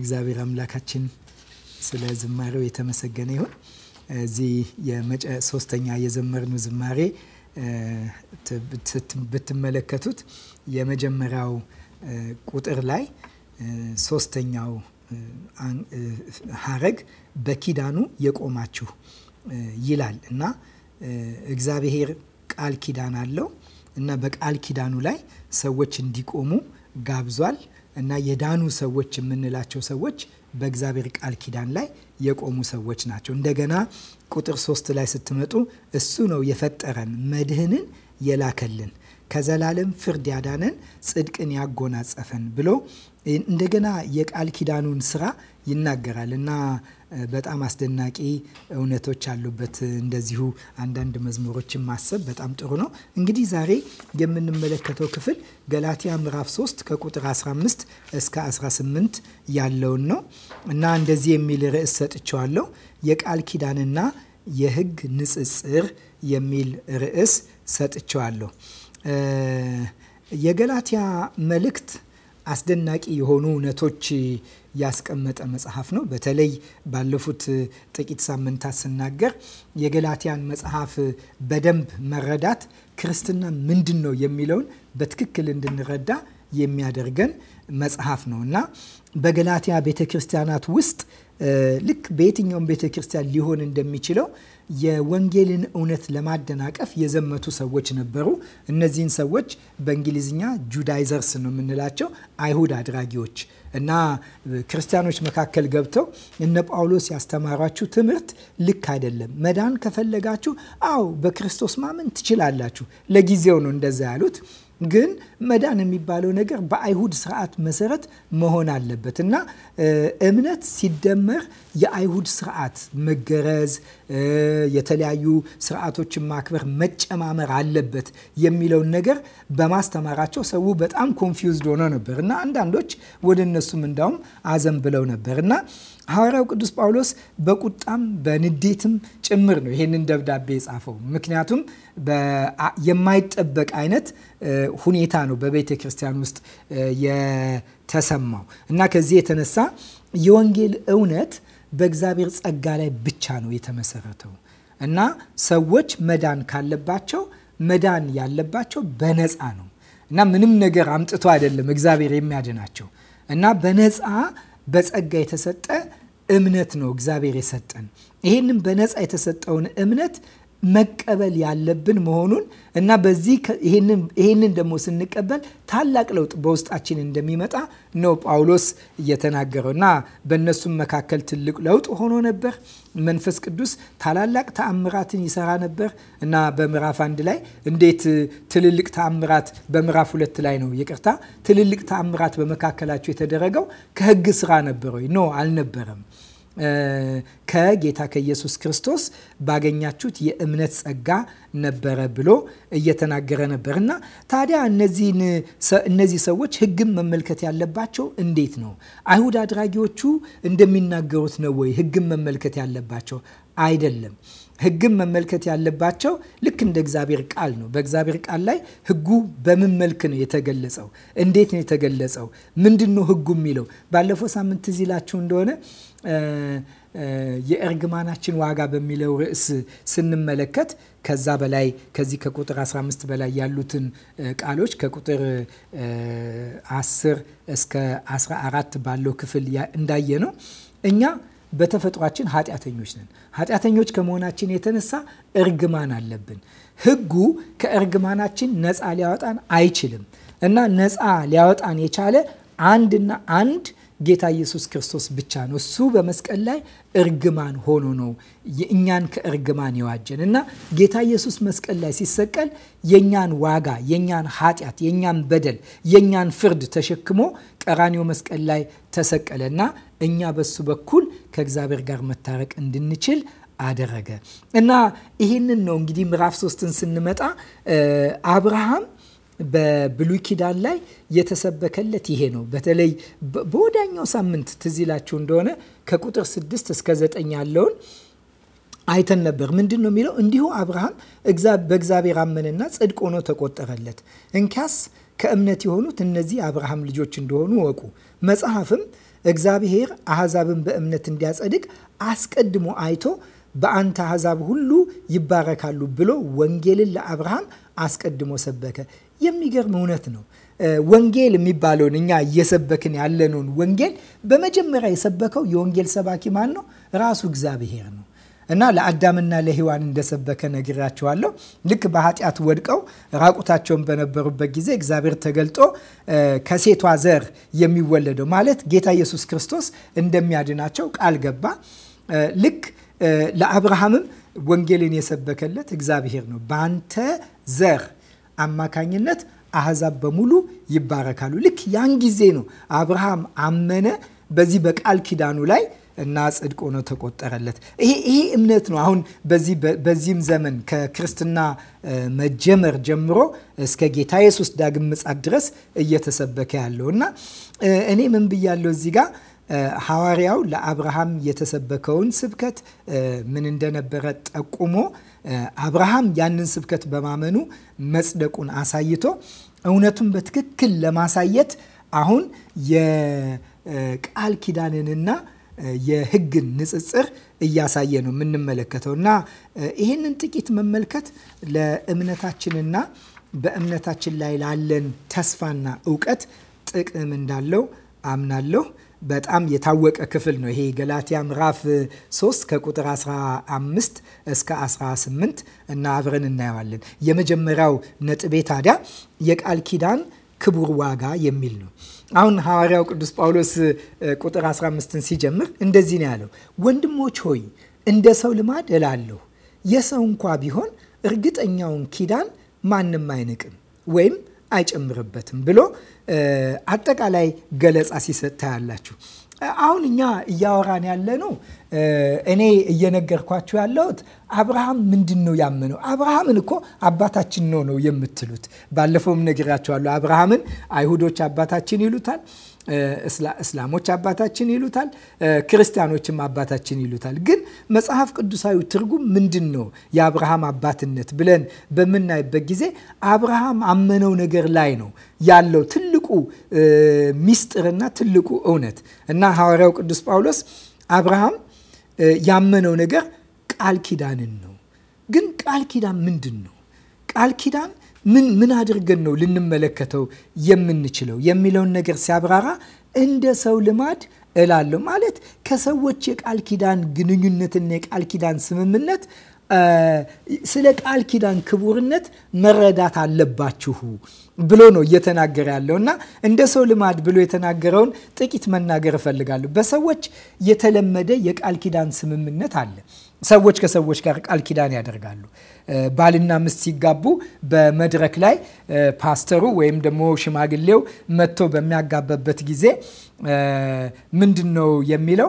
እግዚአብሔር አምላካችን ስለ ዝማሬው የተመሰገነ ይሁን። እዚህ ሶስተኛ የዘመርኑ ዝማሬ ብትመለከቱት የመጀመሪያው ቁጥር ላይ ሶስተኛው ሀረግ በኪዳኑ የቆማችሁ ይላል እና እግዚአብሔር ቃል ኪዳን አለው እና በቃል ኪዳኑ ላይ ሰዎች እንዲቆሙ ጋብዟል። እና የዳኑ ሰዎች የምንላቸው ሰዎች በእግዚአብሔር ቃል ኪዳን ላይ የቆሙ ሰዎች ናቸው። እንደገና ቁጥር ሶስት ላይ ስትመጡ እሱ ነው የፈጠረን መድህንን የላከልን ከዘላለም ፍርድ ያዳነን ጽድቅን ያጎናጸፈን ብሎ እንደገና የቃል ኪዳኑን ስራ ይናገራል እና በጣም አስደናቂ እውነቶች አሉበት። እንደዚሁ አንዳንድ መዝሙሮችን ማሰብ በጣም ጥሩ ነው። እንግዲህ ዛሬ የምንመለከተው ክፍል ገላትያ ምዕራፍ 3 ከቁጥር 15 እስከ 18 ያለውን ነው እና እንደዚህ የሚል ርዕስ ሰጥቸዋለሁ። የቃል ኪዳንና የሕግ ንጽጽር የሚል ርዕስ ሰጥቸዋለሁ። የገላትያ መልእክት አስደናቂ የሆኑ እውነቶች ያስቀመጠ መጽሐፍ ነው። በተለይ ባለፉት ጥቂት ሳምንታት ስናገር የገላትያን መጽሐፍ በደንብ መረዳት ክርስትና ምንድን ነው የሚለውን በትክክል እንድንረዳ የሚያደርገን መጽሐፍ ነው እና በገላትያ ቤተ ክርስቲያናት ውስጥ ልክ በየትኛውም ቤተ ክርስቲያን ሊሆን እንደሚችለው የወንጌልን እውነት ለማደናቀፍ የዘመቱ ሰዎች ነበሩ። እነዚህን ሰዎች በእንግሊዝኛ ጁዳይዘርስ ነው የምንላቸው፣ አይሁድ አድራጊዎች እና ክርስቲያኖች መካከል ገብተው እነ ጳውሎስ ያስተማሯችሁ ትምህርት ልክ አይደለም፣ መዳን ከፈለጋችሁ አዎ በክርስቶስ ማመን ትችላላችሁ። ለጊዜው ነው እንደዛ ያሉት። ግን መዳን የሚባለው ነገር በአይሁድ ስርዓት መሰረት መሆን አለበት እና እምነት ሲደመር የአይሁድ ስርዓት መገረዝ፣ የተለያዩ ስርዓቶችን ማክበር፣ መጨማመር አለበት የሚለውን ነገር በማስተማራቸው ሰው በጣም ኮንፊውዝድ ሆኖ ነበር እና አንዳንዶች ወደ እነሱም እንዳውም አዘን ብለው ነበር እና ሐዋርያው ቅዱስ ጳውሎስ በቁጣም በንዴትም ጭምር ነው ይሄንን ደብዳቤ የጻፈው። ምክንያቱም የማይጠበቅ አይነት ሁኔታ ነው በቤተ ክርስቲያን ውስጥ የተሰማው እና ከዚህ የተነሳ የወንጌል እውነት በእግዚአብሔር ጸጋ ላይ ብቻ ነው የተመሰረተው እና ሰዎች መዳን ካለባቸው መዳን ያለባቸው በነፃ ነው እና ምንም ነገር አምጥቶ አይደለም እግዚአብሔር የሚያድናቸው እና በነፃ በጸጋ የተሰጠ እምነት ነው እግዚአብሔር የሰጠን። ይህንም በነፃ የተሰጠውን እምነት መቀበል ያለብን መሆኑን እና በዚህ ይህንን ደግሞ ስንቀበል ታላቅ ለውጥ በውስጣችን እንደሚመጣ ነው ጳውሎስ እየተናገረው እና በእነሱም መካከል ትልቅ ለውጥ ሆኖ ነበር። መንፈስ ቅዱስ ታላላቅ ተአምራትን ይሰራ ነበር እና በምዕራፍ አንድ ላይ እንዴት ትልልቅ ተአምራት በምዕራፍ ሁለት ላይ ነው ይቅርታ፣ ትልልቅ ተአምራት በመካከላቸው የተደረገው ከህግ ስራ ነበረ? ኖ አልነበረም። ከጌታ ከኢየሱስ ክርስቶስ ባገኛችሁት የእምነት ጸጋ ነበረ ብሎ እየተናገረ ነበር እና ታዲያ እነዚህ ሰዎች ሕግን መመልከት ያለባቸው እንዴት ነው? አይሁድ አድራጊዎቹ እንደሚናገሩት ነው ወይ ሕግን መመልከት ያለባቸው? አይደለም። ሕግን መመልከት ያለባቸው ልክ እንደ እግዚአብሔር ቃል ነው። በእግዚአብሔር ቃል ላይ ሕጉ በምን መልክ ነው የተገለጸው? እንዴት ነው የተገለጸው? ምንድን ነው ሕጉ የሚለው? ባለፈው ሳምንት ትዝ ይላችሁ እንደሆነ የእርግማናችን ዋጋ በሚለው ርዕስ ስንመለከት ከዛ በላይ ከዚህ ከቁጥር 15 በላይ ያሉትን ቃሎች ከቁጥር 10 እስከ 14 ባለው ክፍል እንዳየ ነው እኛ በተፈጥሯችን ኃጢአተኞች ነን። ኃጢአተኞች ከመሆናችን የተነሳ እርግማን አለብን። ሕጉ ከእርግማናችን ነፃ ሊያወጣን አይችልም እና ነፃ ሊያወጣን የቻለ አንድና አንድ ጌታ ኢየሱስ ክርስቶስ ብቻ ነው። እሱ በመስቀል ላይ እርግማን ሆኖ ነው እኛን ከእርግማን የዋጀን እና ጌታ ኢየሱስ መስቀል ላይ ሲሰቀል የእኛን ዋጋ፣ የእኛን ኃጢአት፣ የእኛን በደል፣ የእኛን ፍርድ ተሸክሞ ቀራኒው መስቀል ላይ ተሰቀለ እና እኛ በሱ በኩል ከእግዚአብሔር ጋር መታረቅ እንድንችል አደረገ እና ይህንን ነው እንግዲህ ምዕራፍ ሶስትን ስንመጣ አብርሃም በብሉይ ኪዳን ላይ የተሰበከለት ይሄ ነው። በተለይ በወዳኛው ሳምንት ትዝ ይላችሁ እንደሆነ ከቁጥር ስድስት እስከ ዘጠኝ ያለውን አይተን ነበር። ምንድን ነው የሚለው? እንዲሁ አብርሃም በእግዚአብሔር አመነና ጽድቅ ሆኖ ተቆጠረለት። እንኪያስ ከእምነት የሆኑት እነዚህ አብርሃም ልጆች እንደሆኑ ወቁ። መጽሐፍም እግዚአብሔር አሕዛብን በእምነት እንዲያጸድቅ አስቀድሞ አይቶ በአንተ አሕዛብ ሁሉ ይባረካሉ ብሎ ወንጌልን ለአብርሃም አስቀድሞ ሰበከ። የሚገርም እውነት ነው። ወንጌል የሚባለውን እኛ እየሰበክን ያለነውን ወንጌል በመጀመሪያ የሰበከው የወንጌል ሰባኪ ማን ነው? ራሱ እግዚአብሔር ነው። እና ለአዳምና ለሔዋን እንደሰበከ ነግራቸዋለሁ። ልክ በኃጢአት ወድቀው ራቁታቸውን በነበሩበት ጊዜ እግዚአብሔር ተገልጦ ከሴቷ ዘር የሚወለደው ማለት ጌታ ኢየሱስ ክርስቶስ እንደሚያድናቸው ቃል ገባ። ልክ ለአብርሃምም ወንጌልን የሰበከለት እግዚአብሔር ነው። በአንተ ዘር አማካኝነት አህዛብ በሙሉ ይባረካሉ። ልክ ያን ጊዜ ነው አብርሃም አመነ በዚህ በቃል ኪዳኑ ላይ እና ጽድቅ ሆኖ ተቆጠረለት። ይሄ እምነት ነው አሁን በዚህም ዘመን ከክርስትና መጀመር ጀምሮ እስከ ጌታ ኢየሱስ ዳግም ምጻት ድረስ እየተሰበከ ያለው እና እኔ ምን ብያለው እዚህ ጋር ሐዋርያው ለአብርሃም የተሰበከውን ስብከት ምን እንደነበረ ጠቁሞ አብርሃም ያንን ስብከት በማመኑ መጽደቁን አሳይቶ እውነቱን በትክክል ለማሳየት አሁን የቃል ኪዳንንና የሕግን ንጽጽር እያሳየ ነው የምንመለከተው እና ይህንን ጥቂት መመልከት ለእምነታችንና በእምነታችን ላይ ላለን ተስፋና እውቀት ጥቅም እንዳለው አምናለሁ። በጣም የታወቀ ክፍል ነው። ይሄ ገላትያ ምዕራፍ 3 ከቁጥር 15 እስከ 18 እና አብረን እናየዋለን። የመጀመሪያው ነጥቤ ታዲያ የቃል ኪዳን ክቡር ዋጋ የሚል ነው። አሁን ሐዋርያው ቅዱስ ጳውሎስ ቁጥር 15ን ሲጀምር እንደዚህ ነው ያለው፣ ወንድሞች ሆይ እንደ ሰው ልማድ እላለሁ፣ የሰው እንኳ ቢሆን እርግጠኛውን ኪዳን ማንም አይንቅም ወይም አይጨምርበትም ብሎ አጠቃላይ ገለጻ ሲሰጥ ታያላችሁ። አሁን እኛ እያወራን ያለ ነው። እኔ እየነገርኳችሁ ያለሁት አብርሃም ምንድን ነው ያመነው? አብርሃምን እኮ አባታችን ነው ነው የምትሉት። ባለፈውም ነግራችኋለሁ። አብርሃምን አይሁዶች አባታችን ይሉታል። እስላሞች አባታችን ይሉታል፣ ክርስቲያኖችም አባታችን ይሉታል። ግን መጽሐፍ ቅዱሳዊ ትርጉም ምንድን ነው የአብርሃም አባትነት ብለን በምናይበት ጊዜ አብርሃም አመነው ነገር ላይ ነው ያለው ትልቁ ሚስጥርና ትልቁ እውነት እና ሐዋርያው ቅዱስ ጳውሎስ አብርሃም ያመነው ነገር ቃል ኪዳንን ነው። ግን ቃል ኪዳን ምንድን ነው? ቃል ኪዳን ምን ምን አድርገን ነው ልንመለከተው የምንችለው የሚለውን ነገር ሲያብራራ እንደ ሰው ልማድ እላለሁ ማለት ከሰዎች የቃል ኪዳን ግንኙነትና የቃል ኪዳን ስምምነት ስለ ቃል ኪዳን ክቡርነት መረዳት አለባችሁ ብሎ ነው እየተናገረ ያለው እና እንደ ሰው ልማድ ብሎ የተናገረውን ጥቂት መናገር እፈልጋለሁ። በሰዎች የተለመደ የቃል ኪዳን ስምምነት አለ። ሰዎች ከሰዎች ጋር ቃል ኪዳን ያደርጋሉ። ባልና ምስት ሲጋቡ በመድረክ ላይ ፓስተሩ ወይም ደግሞ ሽማግሌው መጥቶ በሚያጋበበት ጊዜ ምንድን ነው የሚለው?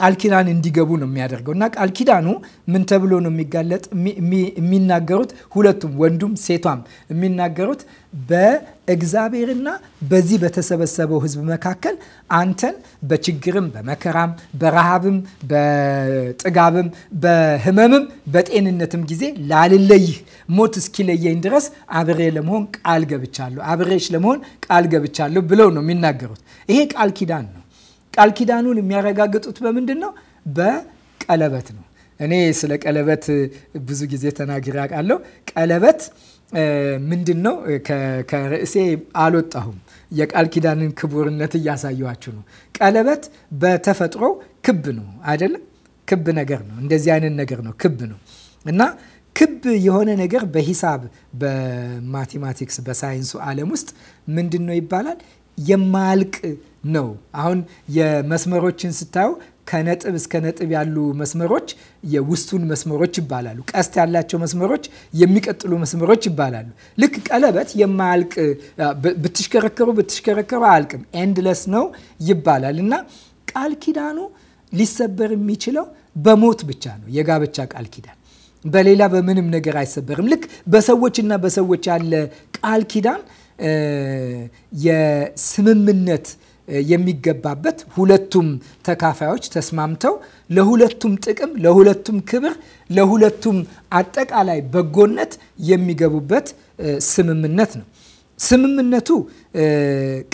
ቃል ኪዳን እንዲገቡ ነው የሚያደርገው እና ቃል ኪዳኑ ምን ተብሎ ነው የሚጋለጥ የሚናገሩት? ሁለቱም ወንዱም ሴቷም የሚናገሩት እግዚአብሔርና በዚህ በተሰበሰበው ሕዝብ መካከል አንተን በችግርም በመከራም በረሃብም በጥጋብም በህመምም በጤንነትም ጊዜ ላልለይህ ሞት እስኪለየኝ ድረስ አብሬ ለመሆን ቃል ገብቻለሁ፣ አብሬሽ ለመሆን ቃል ገብቻለሁ ብለው ነው የሚናገሩት። ይሄ ቃል ኪዳን ነው። ቃል ኪዳኑን የሚያረጋግጡት በምንድን ነው? በቀለበት ነው። እኔ ስለ ቀለበት ብዙ ጊዜ ተናግሬ አውቃለሁ። ቀለበት ምንድን ነው ከርዕሴ አልወጣሁም። የቃል ኪዳንን ክቡርነት እያሳየኋችሁ ነው። ቀለበት በተፈጥሮ ክብ ነው አይደለም? ክብ ነገር ነው። እንደዚህ አይነት ነገር ነው። ክብ ነው እና ክብ የሆነ ነገር በሂሳብ በማቴማቲክስ በሳይንሱ ዓለም ውስጥ ምንድን ነው ይባላል? የማያልቅ ነው። አሁን የመስመሮችን ስታዩ ከነጥብ እስከ ነጥብ ያሉ መስመሮች የውስቱን መስመሮች ይባላሉ። ቀስት ያላቸው መስመሮች የሚቀጥሉ መስመሮች ይባላሉ። ልክ ቀለበት የማያልቅ ብትሽከረከሩ ብትሽከረከሩ አያልቅም፣ ኤንድለስ ነው ይባላል እና ቃል ኪዳኑ ሊሰበር የሚችለው በሞት ብቻ ነው። የጋብቻ ቃል ኪዳን በሌላ በምንም ነገር አይሰበርም። ልክ በሰዎችና በሰዎች ያለ ቃል ኪዳን የስምምነት የሚገባበት ሁለቱም ተካፋዮች ተስማምተው ለሁለቱም ጥቅም፣ ለሁለቱም ክብር፣ ለሁለቱም አጠቃላይ በጎነት የሚገቡበት ስምምነት ነው። ስምምነቱ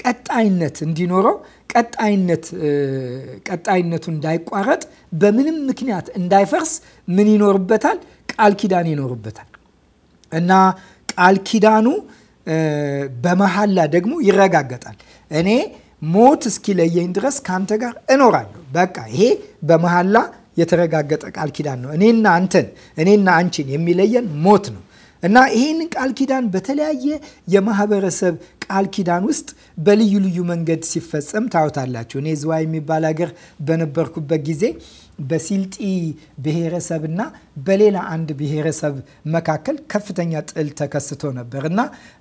ቀጣይነት እንዲኖረው ቀጣይነት ቀጣይነቱ እንዳይቋረጥ በምንም ምክንያት እንዳይፈርስ ምን ይኖርበታል? ቃል ኪዳን ይኖርበታል እና ቃል ኪዳኑ በመሐላ ደግሞ ይረጋገጣል። እኔ ሞት እስኪለየኝ ድረስ ከአንተ ጋር እኖራለሁ። በቃ ይሄ በመሐላ የተረጋገጠ ቃል ኪዳን ነው። እኔና አንተን እኔና አንቺን የሚለየን ሞት ነው እና ይህንን ቃል ኪዳን በተለያየ የማህበረሰብ ቃል ኪዳን ውስጥ በልዩ ልዩ መንገድ ሲፈጸም ታወታላችሁ። እኔ ዝዋ የሚባል ሀገር በነበርኩበት ጊዜ በሲልጢ ብሔረሰብ እና በሌላ አንድ ብሔረሰብ መካከል ከፍተኛ ጥል ተከስቶ ነበር እና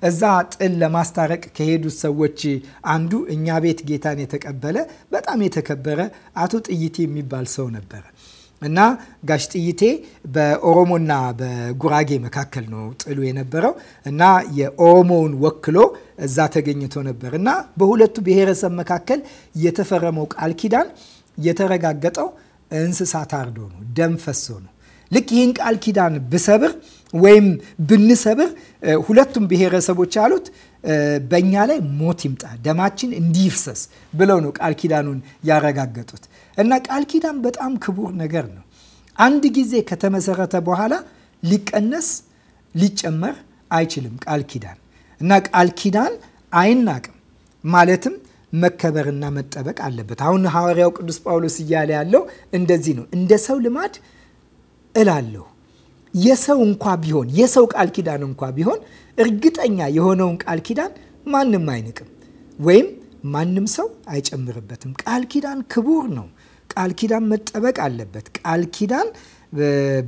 እዛ ጥል ለማስታረቅ ከሄዱት ሰዎች አንዱ እኛ ቤት ጌታን የተቀበለ በጣም የተከበረ አቶ ጥይቴ የሚባል ሰው ነበረ እና ጋሽ ጥይቴ በኦሮሞና በጉራጌ መካከል ነው ጥሉ የነበረው እና የኦሮሞውን ወክሎ እዛ ተገኝቶ ነበር እና በሁለቱ ብሔረሰብ መካከል የተፈረመው ቃል ኪዳን የተረጋገጠው እንስሳት አርዶ ነው፣ ደም ፈሶ ነው። ልክ ይህን ቃል ኪዳን ብሰብር ወይም ብንሰብር ሁለቱም ብሔረሰቦች ያሉት በእኛ ላይ ሞት ይምጣ፣ ደማችን እንዲፍሰስ ብለው ነው ቃል ኪዳኑን ያረጋገጡት። እና ቃል ኪዳን በጣም ክቡር ነገር ነው። አንድ ጊዜ ከተመሰረተ በኋላ ሊቀነስ ሊጨመር አይችልም ቃል ኪዳን እና ቃል ኪዳን አይናቅም ማለትም መከበርና መጠበቅ አለበት። አሁን ሐዋርያው ቅዱስ ጳውሎስ እያለ ያለው እንደዚህ ነው። እንደ ሰው ልማድ እላለሁ የሰው እንኳ ቢሆን የሰው ቃል ኪዳን እንኳ ቢሆን እርግጠኛ የሆነውን ቃል ኪዳን ማንም አይንቅም ወይም ማንም ሰው አይጨምርበትም። ቃል ኪዳን ክቡር ነው። ቃል ኪዳን መጠበቅ አለበት። ቃል ኪዳን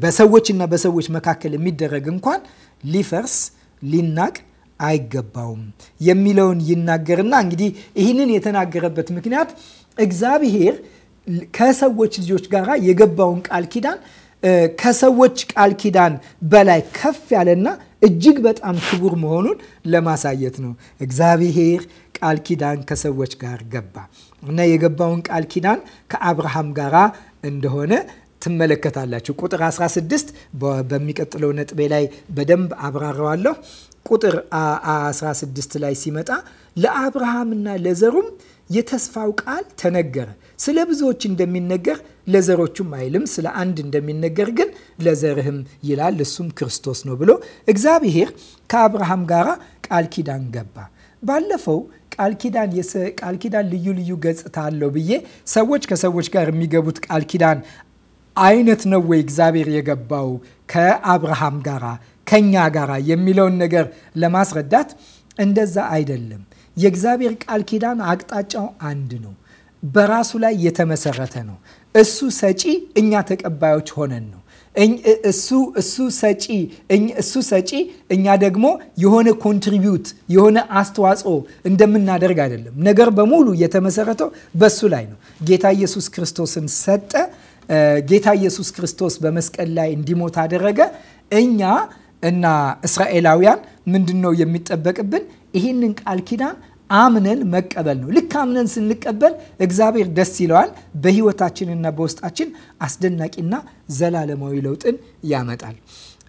በሰዎችና በሰዎች መካከል የሚደረግ እንኳን ሊፈርስ ሊናቅ አይገባውም የሚለውን ይናገርና እንግዲህ ይህንን የተናገረበት ምክንያት እግዚአብሔር ከሰዎች ልጆች ጋር የገባውን ቃል ኪዳን ከሰዎች ቃል ኪዳን በላይ ከፍ ያለና እጅግ በጣም ክቡር መሆኑን ለማሳየት ነው። እግዚአብሔር ቃል ኪዳን ከሰዎች ጋር ገባ እና የገባውን ቃል ኪዳን ከአብርሃም ጋር እንደሆነ ትመለከታላችሁ። ቁጥር 16 በሚቀጥለው ነጥቤ ላይ በደንብ አብራረዋለሁ። ቁጥር 16 ላይ ሲመጣ ለአብርሃምና ለዘሩም የተስፋው ቃል ተነገረ። ስለ ብዙዎች እንደሚነገር ለዘሮቹም አይልም፣ ስለ አንድ እንደሚነገር ግን ለዘርህም ይላል፣ እሱም ክርስቶስ ነው ብሎ እግዚአብሔር ከአብርሃም ጋር ቃል ኪዳን ገባ። ባለፈው ቃል ኪዳን ቃል ኪዳን ልዩ ልዩ ገጽታ አለው ብዬ ሰዎች ከሰዎች ጋር የሚገቡት ቃል ኪዳን አይነት ነው ወይ እግዚአብሔር የገባው ከአብርሃም ጋራ ከኛ ጋር የሚለውን ነገር ለማስረዳት እንደዛ አይደለም። የእግዚአብሔር ቃል ኪዳን አቅጣጫው አንድ ነው። በራሱ ላይ የተመሰረተ ነው። እሱ ሰጪ፣ እኛ ተቀባዮች ሆነን ነው። እሱ እሱ ሰጪ እሱ ሰጪ እኛ ደግሞ የሆነ ኮንትሪቢዩት የሆነ አስተዋጽኦ እንደምናደርግ አይደለም። ነገር በሙሉ የተመሰረተው በሱ ላይ ነው። ጌታ ኢየሱስ ክርስቶስን ሰጠ። ጌታ ኢየሱስ ክርስቶስ በመስቀል ላይ እንዲሞት አደረገ። እኛ እና እስራኤላውያን ምንድን ነው የሚጠበቅብን? ይህንን ቃል ኪዳን አምነን መቀበል ነው። ልክ አምነን ስንቀበል እግዚአብሔር ደስ ይለዋል። በህይወታችንና በውስጣችን አስደናቂና ዘላለማዊ ለውጥን ያመጣል።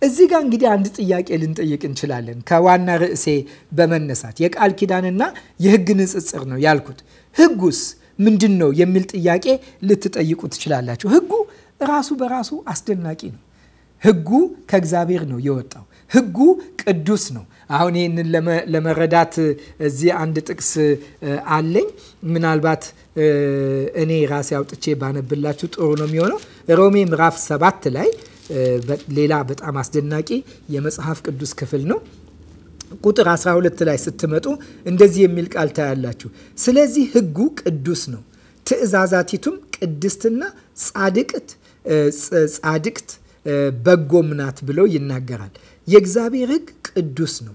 እዚህ ጋር እንግዲህ አንድ ጥያቄ ልንጠይቅ እንችላለን። ከዋና ርዕሴ በመነሳት የቃል ኪዳንና የህግ ንጽጽር ነው ያልኩት። ህጉስ ምንድን ነው የሚል ጥያቄ ልትጠይቁ ትችላላችሁ። ህጉ ራሱ በራሱ አስደናቂ ነው። ህጉ ከእግዚአብሔር ነው የወጣው። ህጉ ቅዱስ ነው። አሁን ይህንን ለመረዳት እዚህ አንድ ጥቅስ አለኝ። ምናልባት እኔ ራሴ አውጥቼ ባነብላችሁ ጥሩ ነው የሚሆነው። ሮሜ ምዕራፍ ሰባት ላይ ሌላ በጣም አስደናቂ የመጽሐፍ ቅዱስ ክፍል ነው። ቁጥር 12 ላይ ስትመጡ እንደዚህ የሚል ቃል ታያላችሁ። ስለዚህ ህጉ ቅዱስ ነው፣ ትእዛዛቲቱም ቅድስትና ጻድቅት ጻድቅት በጎም ናት ብሎ ይናገራል። የእግዚአብሔር ሕግ ቅዱስ ነው።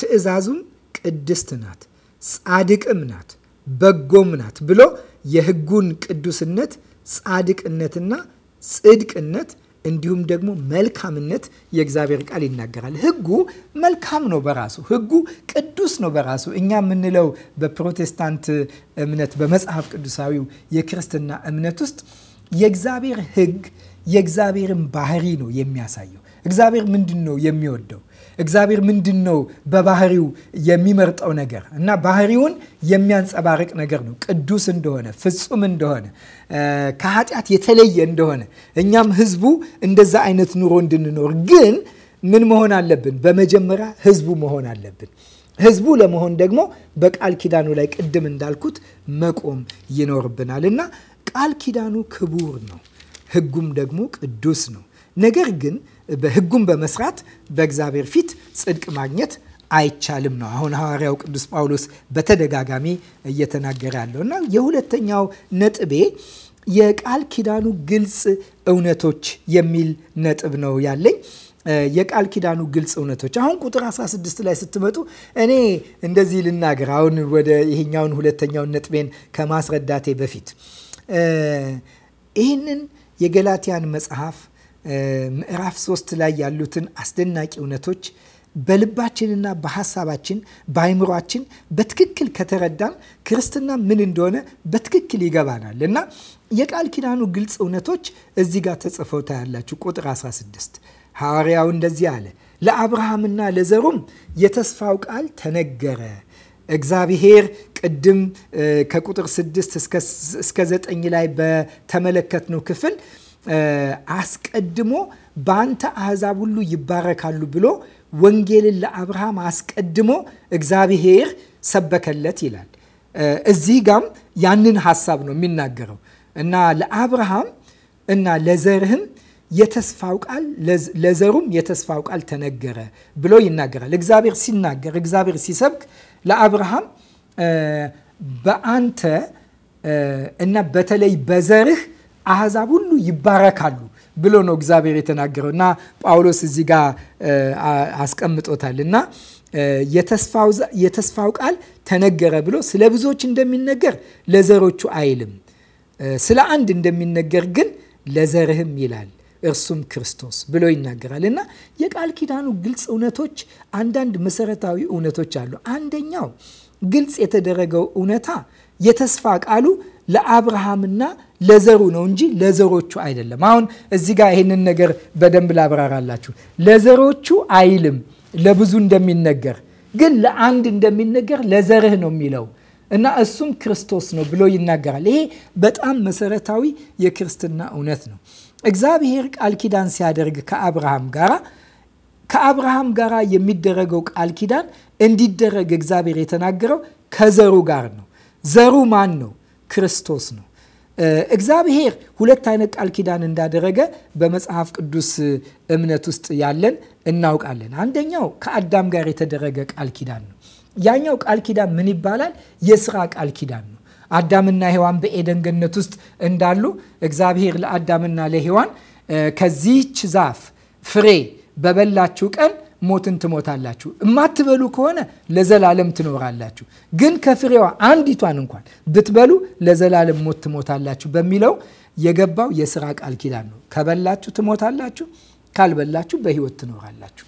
ትእዛዙም ቅድስት ናት፣ ጻድቅም ናት፣ በጎም ናት ብሎ የሕጉን ቅዱስነት፣ ጻድቅነትና ጽድቅነት እንዲሁም ደግሞ መልካምነት የእግዚአብሔር ቃል ይናገራል። ህጉ መልካም ነው በራሱ ህጉ ቅዱስ ነው በራሱ እኛ የምንለው በፕሮቴስታንት እምነት በመጽሐፍ ቅዱሳዊው የክርስትና እምነት ውስጥ የእግዚአብሔር ህግ የእግዚአብሔርን ባህሪ ነው የሚያሳየው። እግዚአብሔር ምንድን ነው የሚወደው? እግዚአብሔር ምንድን ነው በባህሪው የሚመርጠው ነገር እና ባህሪውን የሚያንጸባርቅ ነገር ነው። ቅዱስ እንደሆነ፣ ፍጹም እንደሆነ፣ ከኃጢአት የተለየ እንደሆነ እኛም ህዝቡ እንደዛ አይነት ኑሮ እንድንኖር ግን ምን መሆን አለብን? በመጀመሪያ ህዝቡ መሆን አለብን። ህዝቡ ለመሆን ደግሞ በቃል ኪዳኑ ላይ ቅድም እንዳልኩት መቆም ይኖርብናል እና ቃል ኪዳኑ ክቡር ነው። ህጉም ደግሞ ቅዱስ ነው። ነገር ግን በህጉም በመስራት በእግዚአብሔር ፊት ጽድቅ ማግኘት አይቻልም ነው። አሁን ሐዋርያው ቅዱስ ጳውሎስ በተደጋጋሚ እየተናገረ ያለው እና የሁለተኛው ነጥቤ የቃል ኪዳኑ ግልጽ እውነቶች የሚል ነጥብ ነው ያለኝ። የቃል ኪዳኑ ግልጽ እውነቶች አሁን ቁጥር 16 ላይ ስትመጡ እኔ እንደዚህ ልናገር። አሁን ወደ ይሄኛውን ሁለተኛውን ነጥቤን ከማስረዳቴ በፊት ይህንን የገላትያን መጽሐፍ ምዕራፍ ሶስት ላይ ያሉትን አስደናቂ እውነቶች በልባችንና በሀሳባችን በአይምሯችን በትክክል ከተረዳም ክርስትና ምን እንደሆነ በትክክል ይገባናል እና የቃል ኪዳኑ ግልጽ እውነቶች እዚህ ጋር ተጽፈው ታያላችሁ። ቁጥር 16 ሐዋርያው እንደዚህ አለ፣ ለአብርሃምና ለዘሩም የተስፋው ቃል ተነገረ። እግዚአብሔር ቅድም ከቁጥር ስድስት እስከ ዘጠኝ ላይ በተመለከትነው ክፍል አስቀድሞ በአንተ አህዛብ ሁሉ ይባረካሉ ብሎ ወንጌልን ለአብርሃም አስቀድሞ እግዚአብሔር ሰበከለት ይላል። እዚህ ጋም ያንን ሀሳብ ነው የሚናገረው እና ለአብርሃም እና ለዘርህም የተስፋው ቃል ለዘሩም የተስፋው ቃል ተነገረ ብሎ ይናገራል። እግዚአብሔር ሲናገር፣ እግዚአብሔር ሲሰብክ ለአብርሃም በአንተ እና በተለይ በዘርህ አህዛብ ሁሉ ይባረካሉ ብሎ ነው እግዚአብሔር የተናገረው እና ጳውሎስ እዚህ ጋር አስቀምጦታል እና የተስፋው ቃል ተነገረ ብሎ ስለ ብዙዎች እንደሚነገር ለዘሮቹ አይልም። ስለ አንድ እንደሚነገር ግን ለዘርህም ይላል እርሱም ክርስቶስ ብሎ ይናገራል እና የቃል ኪዳኑ ግልጽ እውነቶች አንዳንድ መሰረታዊ እውነቶች አሉ። አንደኛው ግልጽ የተደረገው እውነታ የተስፋ ቃሉ ለአብርሃምና ለዘሩ ነው እንጂ ለዘሮቹ አይደለም። አሁን እዚ ጋር ይህንን ነገር በደንብ ላብራራላችሁ። ለዘሮቹ አይልም፣ ለብዙ እንደሚነገር ግን ለአንድ እንደሚነገር ለዘርህ ነው የሚለው እና እሱም ክርስቶስ ነው ብሎ ይናገራል። ይሄ በጣም መሰረታዊ የክርስትና እውነት ነው። እግዚአብሔር ቃል ኪዳን ሲያደርግ ከአብርሃም ጋራ ከአብርሃም ጋራ የሚደረገው ቃል ኪዳን እንዲደረግ እግዚአብሔር የተናገረው ከዘሩ ጋር ነው። ዘሩ ማን ነው? ክርስቶስ ነው። እግዚአብሔር ሁለት አይነት ቃል ኪዳን እንዳደረገ በመጽሐፍ ቅዱስ እምነት ውስጥ ያለን እናውቃለን። አንደኛው ከአዳም ጋር የተደረገ ቃል ኪዳን ነው። ያኛው ቃል ኪዳን ምን ይባላል? የስራ ቃል ኪዳን ነው። አዳምና ሔዋን በኤደን ገነት ውስጥ እንዳሉ እግዚአብሔር ለአዳምና ለሔዋን ከዚህች ዛፍ ፍሬ በበላችሁ ቀን ሞትን ትሞታላችሁ። እማትበሉ ከሆነ ለዘላለም ትኖራላችሁ፣ ግን ከፍሬዋ አንዲቷን እንኳን ብትበሉ ለዘላለም ሞት ትሞታላችሁ በሚለው የገባው የስራ ቃል ኪዳን ነው። ከበላችሁ ትሞታላችሁ፣ ካልበላችሁ በህይወት ትኖራላችሁ።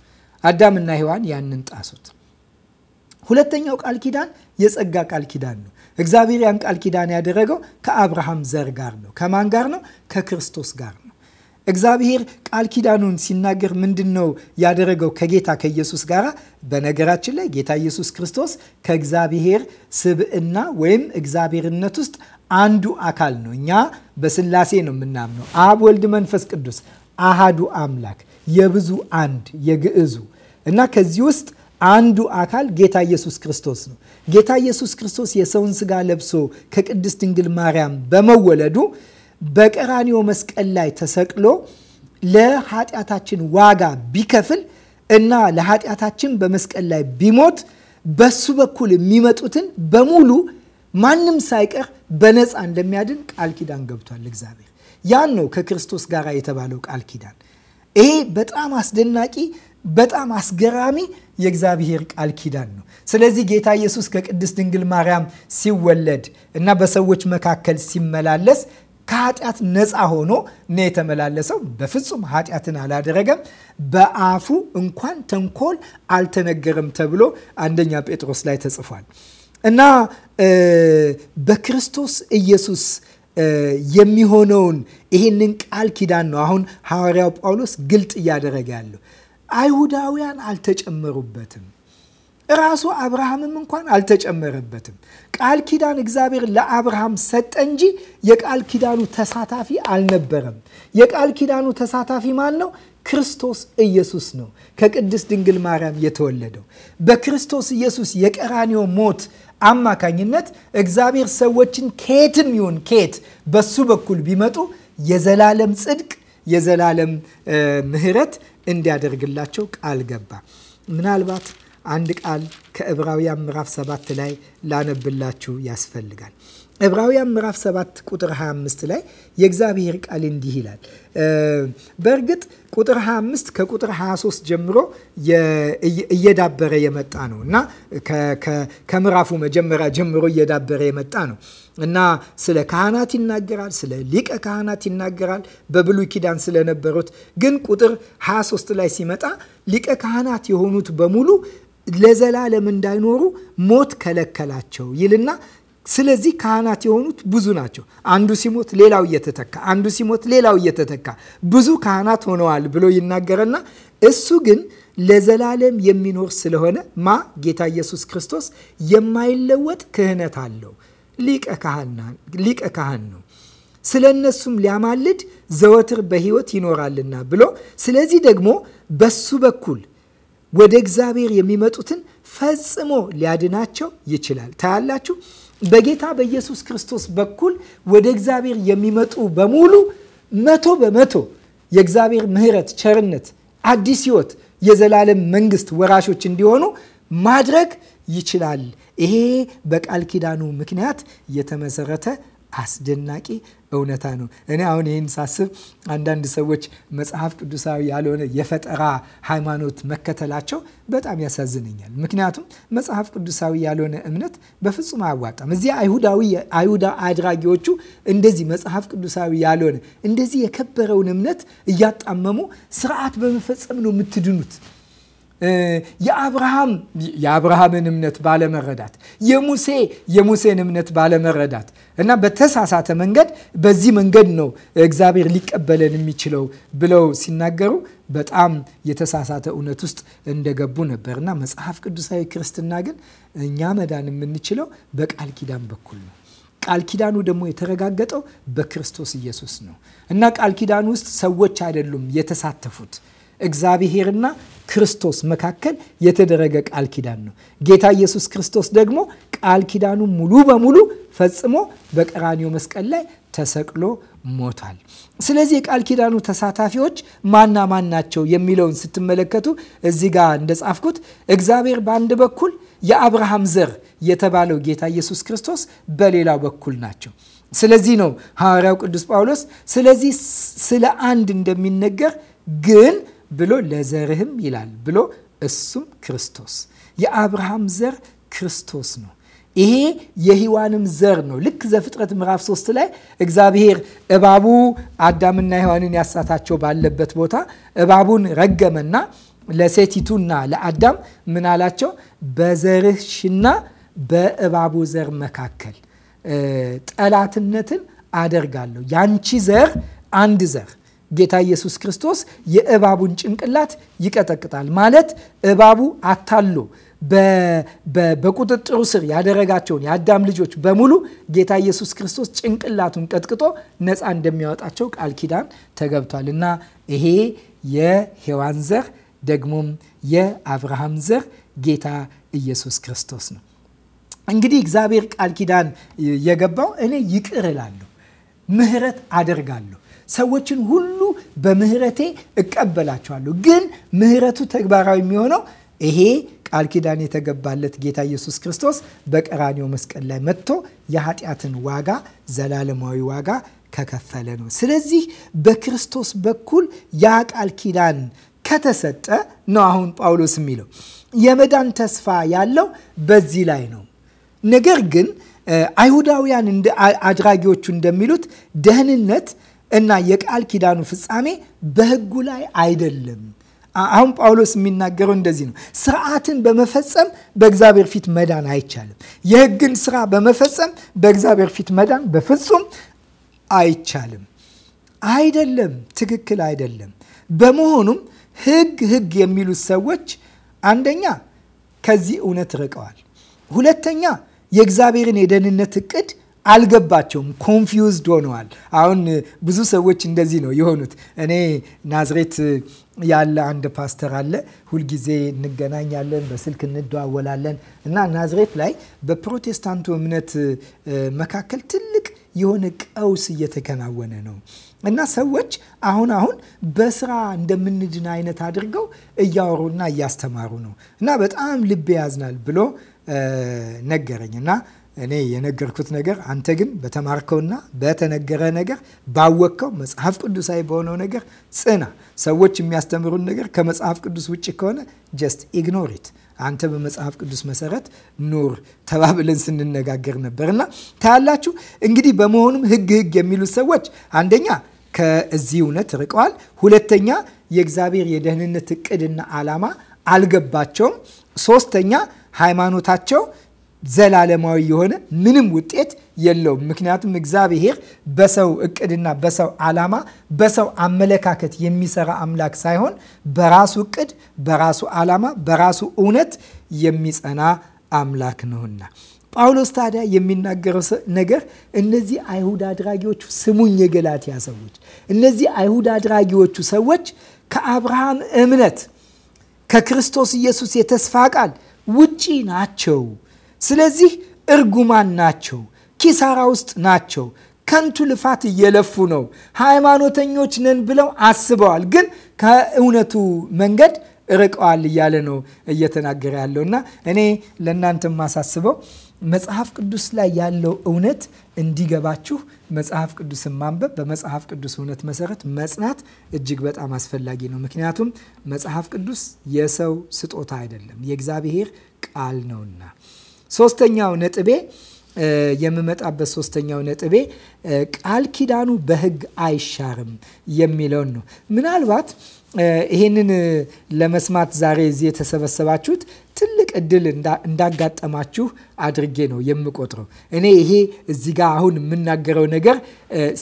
አዳምና ሔዋን ያንን ጣሱት። ሁለተኛው ቃል ኪዳን የጸጋ ቃል ኪዳን ነው። እግዚአብሔር ያን ቃል ኪዳን ያደረገው ከአብርሃም ዘር ጋር ነው። ከማን ጋር ነው? ከክርስቶስ ጋር ነው። እግዚአብሔር ቃል ኪዳኑን ሲናገር ምንድን ነው ያደረገው ከጌታ ከኢየሱስ ጋር? በነገራችን ላይ ጌታ ኢየሱስ ክርስቶስ ከእግዚአብሔር ስብዕና ወይም እግዚአብሔርነት ውስጥ አንዱ አካል ነው። እኛ በስላሴ ነው የምናምነው። አብ፣ ወልድ፣ መንፈስ ቅዱስ አሃዱ አምላክ የብዙ አንድ የግዕዙ እና ከዚህ ውስጥ አንዱ አካል ጌታ ኢየሱስ ክርስቶስ ነው። ጌታ ኢየሱስ ክርስቶስ የሰውን ስጋ ለብሶ ከቅድስት ድንግል ማርያም በመወለዱ በቀራኒዮ መስቀል ላይ ተሰቅሎ ለኃጢአታችን ዋጋ ቢከፍል እና ለኃጢአታችን በመስቀል ላይ ቢሞት በሱ በኩል የሚመጡትን በሙሉ ማንም ሳይቀር በነፃ እንደሚያድን ቃል ኪዳን ገብቷል እግዚአብሔር። ያን ነው ከክርስቶስ ጋር የተባለው ቃል ኪዳን። ይሄ በጣም አስደናቂ በጣም አስገራሚ የእግዚአብሔር ቃል ኪዳን ነው። ስለዚህ ጌታ ኢየሱስ ከቅድስት ድንግል ማርያም ሲወለድ እና በሰዎች መካከል ሲመላለስ ከኃጢአት ነፃ ሆኖ ነው የተመላለሰው። በፍጹም ኃጢአትን አላደረገም። በአፉ እንኳን ተንኮል አልተነገረም ተብሎ አንደኛ ጴጥሮስ ላይ ተጽፏል። እና በክርስቶስ ኢየሱስ የሚሆነውን ይህንን ቃል ኪዳን ነው አሁን ሐዋርያው ጳውሎስ ግልጥ እያደረገ ያለው። አይሁዳውያን አልተጨመሩበትም። ራሱ አብርሃምም እንኳን አልተጨመረበትም። ቃል ኪዳን እግዚአብሔር ለአብርሃም ሰጠ እንጂ የቃል ኪዳኑ ተሳታፊ አልነበረም። የቃል ኪዳኑ ተሳታፊ ማን ነው? ክርስቶስ ኢየሱስ ነው። ከቅድስት ድንግል ማርያም የተወለደው በክርስቶስ ኢየሱስ የቀራኒዮ ሞት አማካኝነት እግዚአብሔር ሰዎችን ከየትም ይሁን ከየት በሱ በኩል ቢመጡ የዘላለም ጽድቅ፣ የዘላለም ምሕረት እንዲያደርግላቸው ቃል ገባ ምናልባት አንድ ቃል ከዕብራውያን ምዕራፍ 7 ላይ ላነብላችሁ ያስፈልጋል። ዕብራውያን ምዕራፍ 7 ቁጥር 25 ላይ የእግዚአብሔር ቃል እንዲህ ይላል። በእርግጥ ቁጥር 25 ከቁጥር 23 ጀምሮ እየዳበረ የመጣ ነው እና ከምዕራፉ መጀመሪያ ጀምሮ እየዳበረ የመጣ ነው እና ስለ ካህናት ይናገራል፣ ስለ ሊቀ ካህናት ይናገራል በብሉይ ኪዳን ስለነበሩት። ግን ቁጥር 23 ላይ ሲመጣ ሊቀ ካህናት የሆኑት በሙሉ ለዘላለም እንዳይኖሩ ሞት ከለከላቸው ይልና ስለዚህ ካህናት የሆኑት ብዙ ናቸው። አንዱ ሲሞት ሌላው እየተተካ አንዱ ሲሞት ሌላው እየተተካ ብዙ ካህናት ሆነዋል ብሎ ይናገረና እሱ ግን ለዘላለም የሚኖር ስለሆነ ማ ጌታ ኢየሱስ ክርስቶስ የማይለወጥ ክህነት አለው። ሊቀ ካህን ነው። ስለ እነሱም ሊያማልድ ዘወትር በሕይወት ይኖራልና ብሎ ስለዚህ ደግሞ በሱ በኩል ወደ እግዚአብሔር የሚመጡትን ፈጽሞ ሊያድናቸው ይችላል። ታያላችሁ፣ በጌታ በኢየሱስ ክርስቶስ በኩል ወደ እግዚአብሔር የሚመጡ በሙሉ መቶ በመቶ የእግዚአብሔር ምሕረት፣ ቸርነት፣ አዲስ ሕይወት፣ የዘላለም መንግስት ወራሾች እንዲሆኑ ማድረግ ይችላል። ይሄ በቃል ኪዳኑ ምክንያት የተመሰረተ አስደናቂ እውነታ ነው። እኔ አሁን ይህን ሳስብ አንዳንድ ሰዎች መጽሐፍ ቅዱሳዊ ያልሆነ የፈጠራ ሃይማኖት መከተላቸው በጣም ያሳዝነኛል። ምክንያቱም መጽሐፍ ቅዱሳዊ ያልሆነ እምነት በፍጹም አያዋጣም። እዚህ አይሁዳዊ አይሁዳ አድራጊዎቹ እንደዚህ መጽሐፍ ቅዱሳዊ ያልሆነ እንደዚህ የከበረውን እምነት እያጣመሙ ስርዓት በመፈጸም ነው የምትድኑት የአብርሃም የአብርሃምን እምነት ባለመረዳት የሙሴ የሙሴን እምነት ባለመረዳት እና በተሳሳተ መንገድ በዚህ መንገድ ነው እግዚአብሔር ሊቀበለን የሚችለው ብለው ሲናገሩ በጣም የተሳሳተ እውነት ውስጥ እንደገቡ ነበር እና መጽሐፍ ቅዱሳዊ ክርስትና ግን እኛ መዳን የምንችለው በቃል ኪዳን በኩል ነው። ቃል ኪዳኑ ደግሞ የተረጋገጠው በክርስቶስ ኢየሱስ ነው እና ቃል ኪዳን ውስጥ ሰዎች አይደሉም የተሳተፉት እግዚአብሔርና ክርስቶስ መካከል የተደረገ ቃል ኪዳን ነው። ጌታ ኢየሱስ ክርስቶስ ደግሞ ቃል ኪዳኑ ሙሉ በሙሉ ፈጽሞ በቀራኒዮ መስቀል ላይ ተሰቅሎ ሞቷል። ስለዚህ የቃል ኪዳኑ ተሳታፊዎች ማና ማን ናቸው የሚለውን ስትመለከቱ እዚህ ጋር እንደጻፍኩት እግዚአብሔር በአንድ በኩል የአብርሃም ዘር የተባለው ጌታ ኢየሱስ ክርስቶስ በሌላው በኩል ናቸው። ስለዚህ ነው ሐዋርያው ቅዱስ ጳውሎስ ስለዚህ ስለ አንድ እንደሚነገር ግን ብሎ ለዘርህም ይላል ብሎ እሱም ክርስቶስ የአብርሃም ዘር ክርስቶስ ነው። ይሄ የሔዋንም ዘር ነው። ልክ ዘፍጥረት ምዕራፍ 3 ላይ እግዚአብሔር እባቡ አዳምና ሔዋንን ያሳታቸው ባለበት ቦታ እባቡን ረገመና ለሴቲቱና ለአዳም ምን አላቸው? በዘርሽና በእባቡ ዘር መካከል ጠላትነትን አደርጋለሁ። ያንቺ ዘር አንድ ዘር ጌታ ኢየሱስ ክርስቶስ የእባቡን ጭንቅላት ይቀጠቅጣል። ማለት እባቡ አታሎ በቁጥጥሩ ስር ያደረጋቸውን የአዳም ልጆች በሙሉ ጌታ ኢየሱስ ክርስቶስ ጭንቅላቱን ቀጥቅጦ ነፃ እንደሚያወጣቸው ቃል ኪዳን ተገብቷል እና ይሄ የሔዋን ዘር ደግሞም የአብርሃም ዘር ጌታ ኢየሱስ ክርስቶስ ነው። እንግዲህ እግዚአብሔር ቃል ኪዳን የገባው እኔ ይቅር እላለሁ፣ ምህረት አደርጋለሁ ሰዎችን ሁሉ በምህረቴ እቀበላቸዋለሁ። ግን ምህረቱ ተግባራዊ የሚሆነው ይሄ ቃል ኪዳን የተገባለት ጌታ ኢየሱስ ክርስቶስ በቀራኔው መስቀል ላይ መጥቶ የኃጢአትን ዋጋ ዘላለማዊ ዋጋ ከከፈለ ነው። ስለዚህ በክርስቶስ በኩል ያ ቃል ኪዳን ከተሰጠ ነው። አሁን ጳውሎስ የሚለው የመዳን ተስፋ ያለው በዚህ ላይ ነው። ነገር ግን አይሁዳውያን አድራጊዎቹ እንደሚሉት ደህንነት እና የቃል ኪዳኑ ፍጻሜ በህጉ ላይ አይደለም። አሁን ጳውሎስ የሚናገረው እንደዚህ ነው። ስርዓትን በመፈጸም በእግዚአብሔር ፊት መዳን አይቻልም። የህግን ስራ በመፈጸም በእግዚአብሔር ፊት መዳን በፍጹም አይቻልም። አይደለም፣ ትክክል አይደለም። በመሆኑም ህግ ህግ የሚሉት ሰዎች አንደኛ ከዚህ እውነት ርቀዋል፣ ሁለተኛ የእግዚአብሔርን የደህንነት እቅድ አልገባቸውም። ኮንፊውዝድ ሆነዋል። አሁን ብዙ ሰዎች እንደዚህ ነው የሆኑት። እኔ ናዝሬት ያለ አንድ ፓስተር አለ። ሁልጊዜ እንገናኛለን፣ በስልክ እንደዋወላለን እና ናዝሬት ላይ በፕሮቴስታንቱ እምነት መካከል ትልቅ የሆነ ቀውስ እየተከናወነ ነው እና ሰዎች አሁን አሁን በስራ እንደምንድን አይነት አድርገው እያወሩና እያስተማሩ ነው እና በጣም ልብ ያዝናል ብሎ ነገረኝ እና እኔ የነገርኩት ነገር አንተ ግን በተማርከውና በተነገረ ነገር ባወቅከው መጽሐፍ ቅዱሳዊ በሆነው ነገር ጽና። ሰዎች የሚያስተምሩን ነገር ከመጽሐፍ ቅዱስ ውጭ ከሆነ ጀስት ኢግኖር ኢት አንተ በመጽሐፍ ቅዱስ መሰረት ኑር ተባብለን ስንነጋገር ነበር እና ታያላችሁ። እንግዲህ በመሆኑም ህግ ህግ የሚሉት ሰዎች አንደኛ ከዚህ እውነት ርቀዋል፣ ሁለተኛ የእግዚአብሔር የደህንነት እቅድና አላማ አልገባቸውም፣ ሶስተኛ ሃይማኖታቸው ዘላለማዊ የሆነ ምንም ውጤት የለውም። ምክንያቱም እግዚአብሔር በሰው እቅድና በሰው ዓላማ በሰው አመለካከት የሚሰራ አምላክ ሳይሆን በራሱ እቅድ፣ በራሱ ዓላማ፣ በራሱ እውነት የሚጸና አምላክ ነውና ጳውሎስ ታዲያ የሚናገረው ነገር እነዚህ አይሁድ አድራጊዎቹ ስሙኝ፣ የገላትያ ሰዎች እነዚህ አይሁድ አድራጊዎቹ ሰዎች ከአብርሃም እምነት ከክርስቶስ ኢየሱስ የተስፋ ቃል ውጪ ናቸው ስለዚህ እርጉማን ናቸው፣ ኪሳራ ውስጥ ናቸው፣ ከንቱ ልፋት እየለፉ ነው። ሃይማኖተኞች ነን ብለው አስበዋል፣ ግን ከእውነቱ መንገድ ርቀዋል እያለ ነው እየተናገረ ያለው እና እኔ ለእናንተ የማሳስበው መጽሐፍ ቅዱስ ላይ ያለው እውነት እንዲገባችሁ መጽሐፍ ቅዱስን ማንበብ፣ በመጽሐፍ ቅዱስ እውነት መሰረት መጽናት እጅግ በጣም አስፈላጊ ነው። ምክንያቱም መጽሐፍ ቅዱስ የሰው ስጦታ አይደለም፣ የእግዚአብሔር ቃል ነውና ሶስተኛው ነጥቤ የምመጣበት ሶስተኛው ነጥቤ ቃል ኪዳኑ በሕግ አይሻርም የሚለውን ነው። ምናልባት ይህንን ለመስማት ዛሬ እዚህ የተሰበሰባችሁት ትልቅ እድል እንዳጋጠማችሁ አድርጌ ነው የምቆጥረው። እኔ ይሄ እዚህ ጋር አሁን የምናገረው ነገር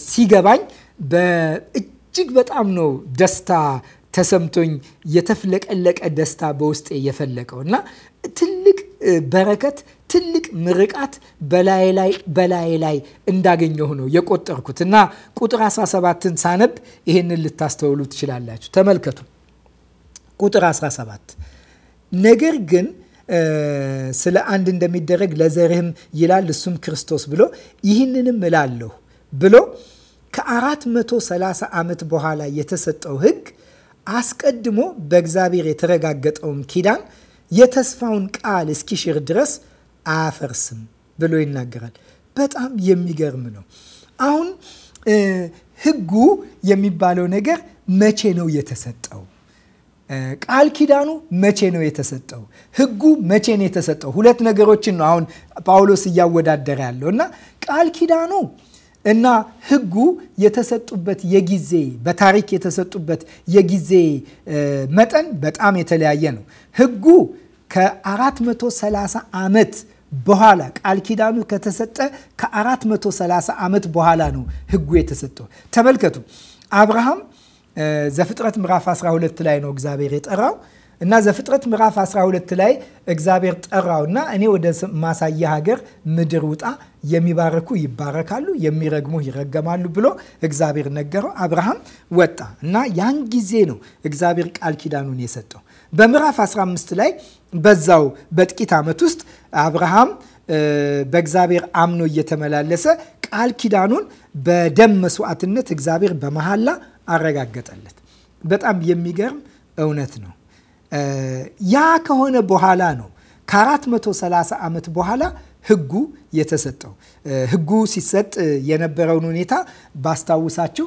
ሲገባኝ በእጅግ በጣም ነው ደስታ ተሰምቶኝ የተፍለቀለቀ ደስታ በውስጤ የፈለቀው እና ትልቅ በረከት ትልቅ ምርቃት በላይ ላይ በላይ ላይ እንዳገኘሁ ነው የቆጠርኩት እና ቁጥር 17ን ሳነብ ይህንን ልታስተውሉ ትችላላችሁ። ተመልከቱ ቁጥር 17 ነገር ግን ስለ አንድ እንደሚደረግ ለዘርህም ይላል እሱም ክርስቶስ ብሎ ይህንንም እላለሁ ብሎ ከ430 ዓመት በኋላ የተሰጠው ህግ አስቀድሞ በእግዚአብሔር የተረጋገጠውን ኪዳን የተስፋውን ቃል እስኪሽር ድረስ አያፈርስም ብሎ ይናገራል። በጣም የሚገርም ነው። አሁን ሕጉ የሚባለው ነገር መቼ ነው የተሰጠው? ቃል ኪዳኑ መቼ ነው የተሰጠው? ሕጉ መቼ ነው የተሰጠው? ሁለት ነገሮችን ነው አሁን ጳውሎስ እያወዳደረ ያለው እና ቃል ኪዳኑ እና ህጉ የተሰጡበት የጊዜ በታሪክ የተሰጡበት የጊዜ መጠን በጣም የተለያየ ነው። ህጉ ከ430 ዓመት በኋላ ቃል ኪዳኑ ከተሰጠ ከ430 ዓመት በኋላ ነው ህጉ የተሰጠው። ተመልከቱ አብርሃም ዘፍጥረት ምዕራፍ 12 ላይ ነው እግዚአብሔር የጠራው እና ዘፍጥረት ምዕራፍ 12 ላይ እግዚአብሔር ጠራውና እኔ ወደ ማሳየ ሀገር ምድር ውጣ፣ የሚባረኩ ይባረካሉ፣ የሚረግሙ ይረገማሉ ብሎ እግዚአብሔር ነገረው። አብርሃም ወጣ እና ያን ጊዜ ነው እግዚአብሔር ቃል ኪዳኑን የሰጠው። በምዕራፍ 15 ላይ በዛው በጥቂት ዓመት ውስጥ አብርሃም በእግዚአብሔር አምኖ እየተመላለሰ ቃል ኪዳኑን በደም መስዋዕትነት እግዚአብሔር በመሐላ አረጋገጠለት። በጣም የሚገርም እውነት ነው። ያ ከሆነ በኋላ ነው ከ430 ዓመት በኋላ ህጉ የተሰጠው። ህጉ ሲሰጥ የነበረውን ሁኔታ ባስታውሳችሁ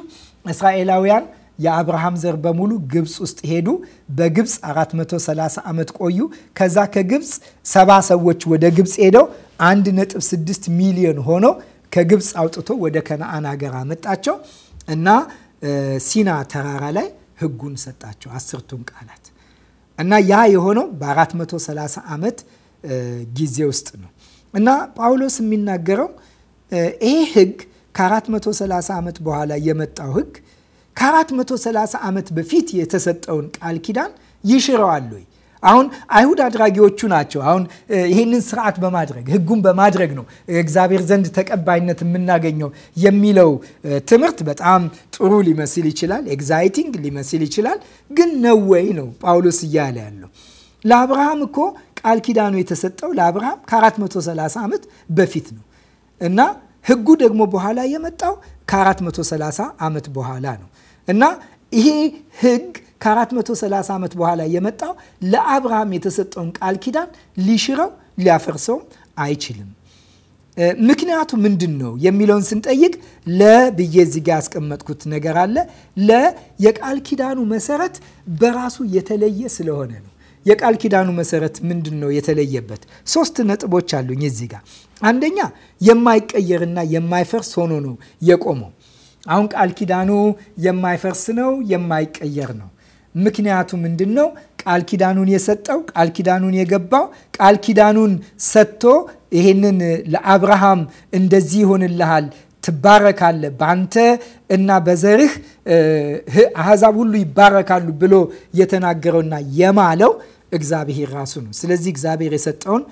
እስራኤላውያን የአብርሃም ዘር በሙሉ ግብፅ ውስጥ ሄዱ። በግብፅ 430 ዓመት ቆዩ። ከዛ ከግብፅ ሰባ ሰዎች ወደ ግብፅ ሄደው 1.6 ሚሊዮን ሆኖ ከግብፅ አውጥቶ ወደ ከነአን ሀገር አመጣቸው እና ሲና ተራራ ላይ ህጉን ሰጣቸው፣ አስርቱን ቃላት እና ያ የሆነው በ430 ዓመት ጊዜ ውስጥ ነው። እና ጳውሎስ የሚናገረው ይሄ ህግ ከ430 ዓመት በኋላ የመጣው ህግ ከ430 ዓመት በፊት የተሰጠውን ቃል ኪዳን ይሽረዋል ወይ? አሁን አይሁድ አድራጊዎቹ ናቸው። አሁን ይህንን ስርዓት በማድረግ ህጉን በማድረግ ነው እግዚአብሔር ዘንድ ተቀባይነት የምናገኘው የሚለው ትምህርት በጣም ጥሩ ሊመስል ይችላል፣ ኤግዛይቲንግ ሊመስል ይችላል። ግን ነው ወይ ነው ጳውሎስ እያለ ያለው ለአብርሃም እኮ ቃል ኪዳኑ የተሰጠው ለአብርሃም ከ430 ዓመት በፊት ነው እና ህጉ ደግሞ በኋላ የመጣው ከ430 ዓመት በኋላ ነው እና ይሄ ህግ ከ430 ዓመት በኋላ የመጣው ለአብርሃም የተሰጠውን ቃል ኪዳን ሊሽረው ሊያፈርሰውም አይችልም። ምክንያቱ ምንድን ነው የሚለውን ስንጠይቅ ለብዬ እዚህ ጋ ያስቀመጥኩት ነገር አለ። ለ የቃል ኪዳኑ መሰረት በራሱ የተለየ ስለሆነ ነው። የቃል ኪዳኑ መሰረት ምንድን ነው የተለየበት? ሶስት ነጥቦች አሉኝ እዚህ ጋ። አንደኛ የማይቀየርና የማይፈርስ ሆኖ ነው የቆመው። አሁን ቃል ኪዳኑ የማይፈርስ ነው፣ የማይቀየር ነው። ምክንያቱ ምንድን ነው? ቃል ኪዳኑን የሰጠው ቃል ኪዳኑን የገባው ቃል ኪዳኑን ሰጥቶ ይሄንን ለአብርሃም እንደዚህ ይሆንልሃል፣ ትባረካለ በአንተ እና በዘርህ አህዛብ ሁሉ ይባረካሉ ብሎ የተናገረውና የማለው እግዚአብሔር ራሱ ነው። ስለዚህ እግዚአብሔር የሰጠውን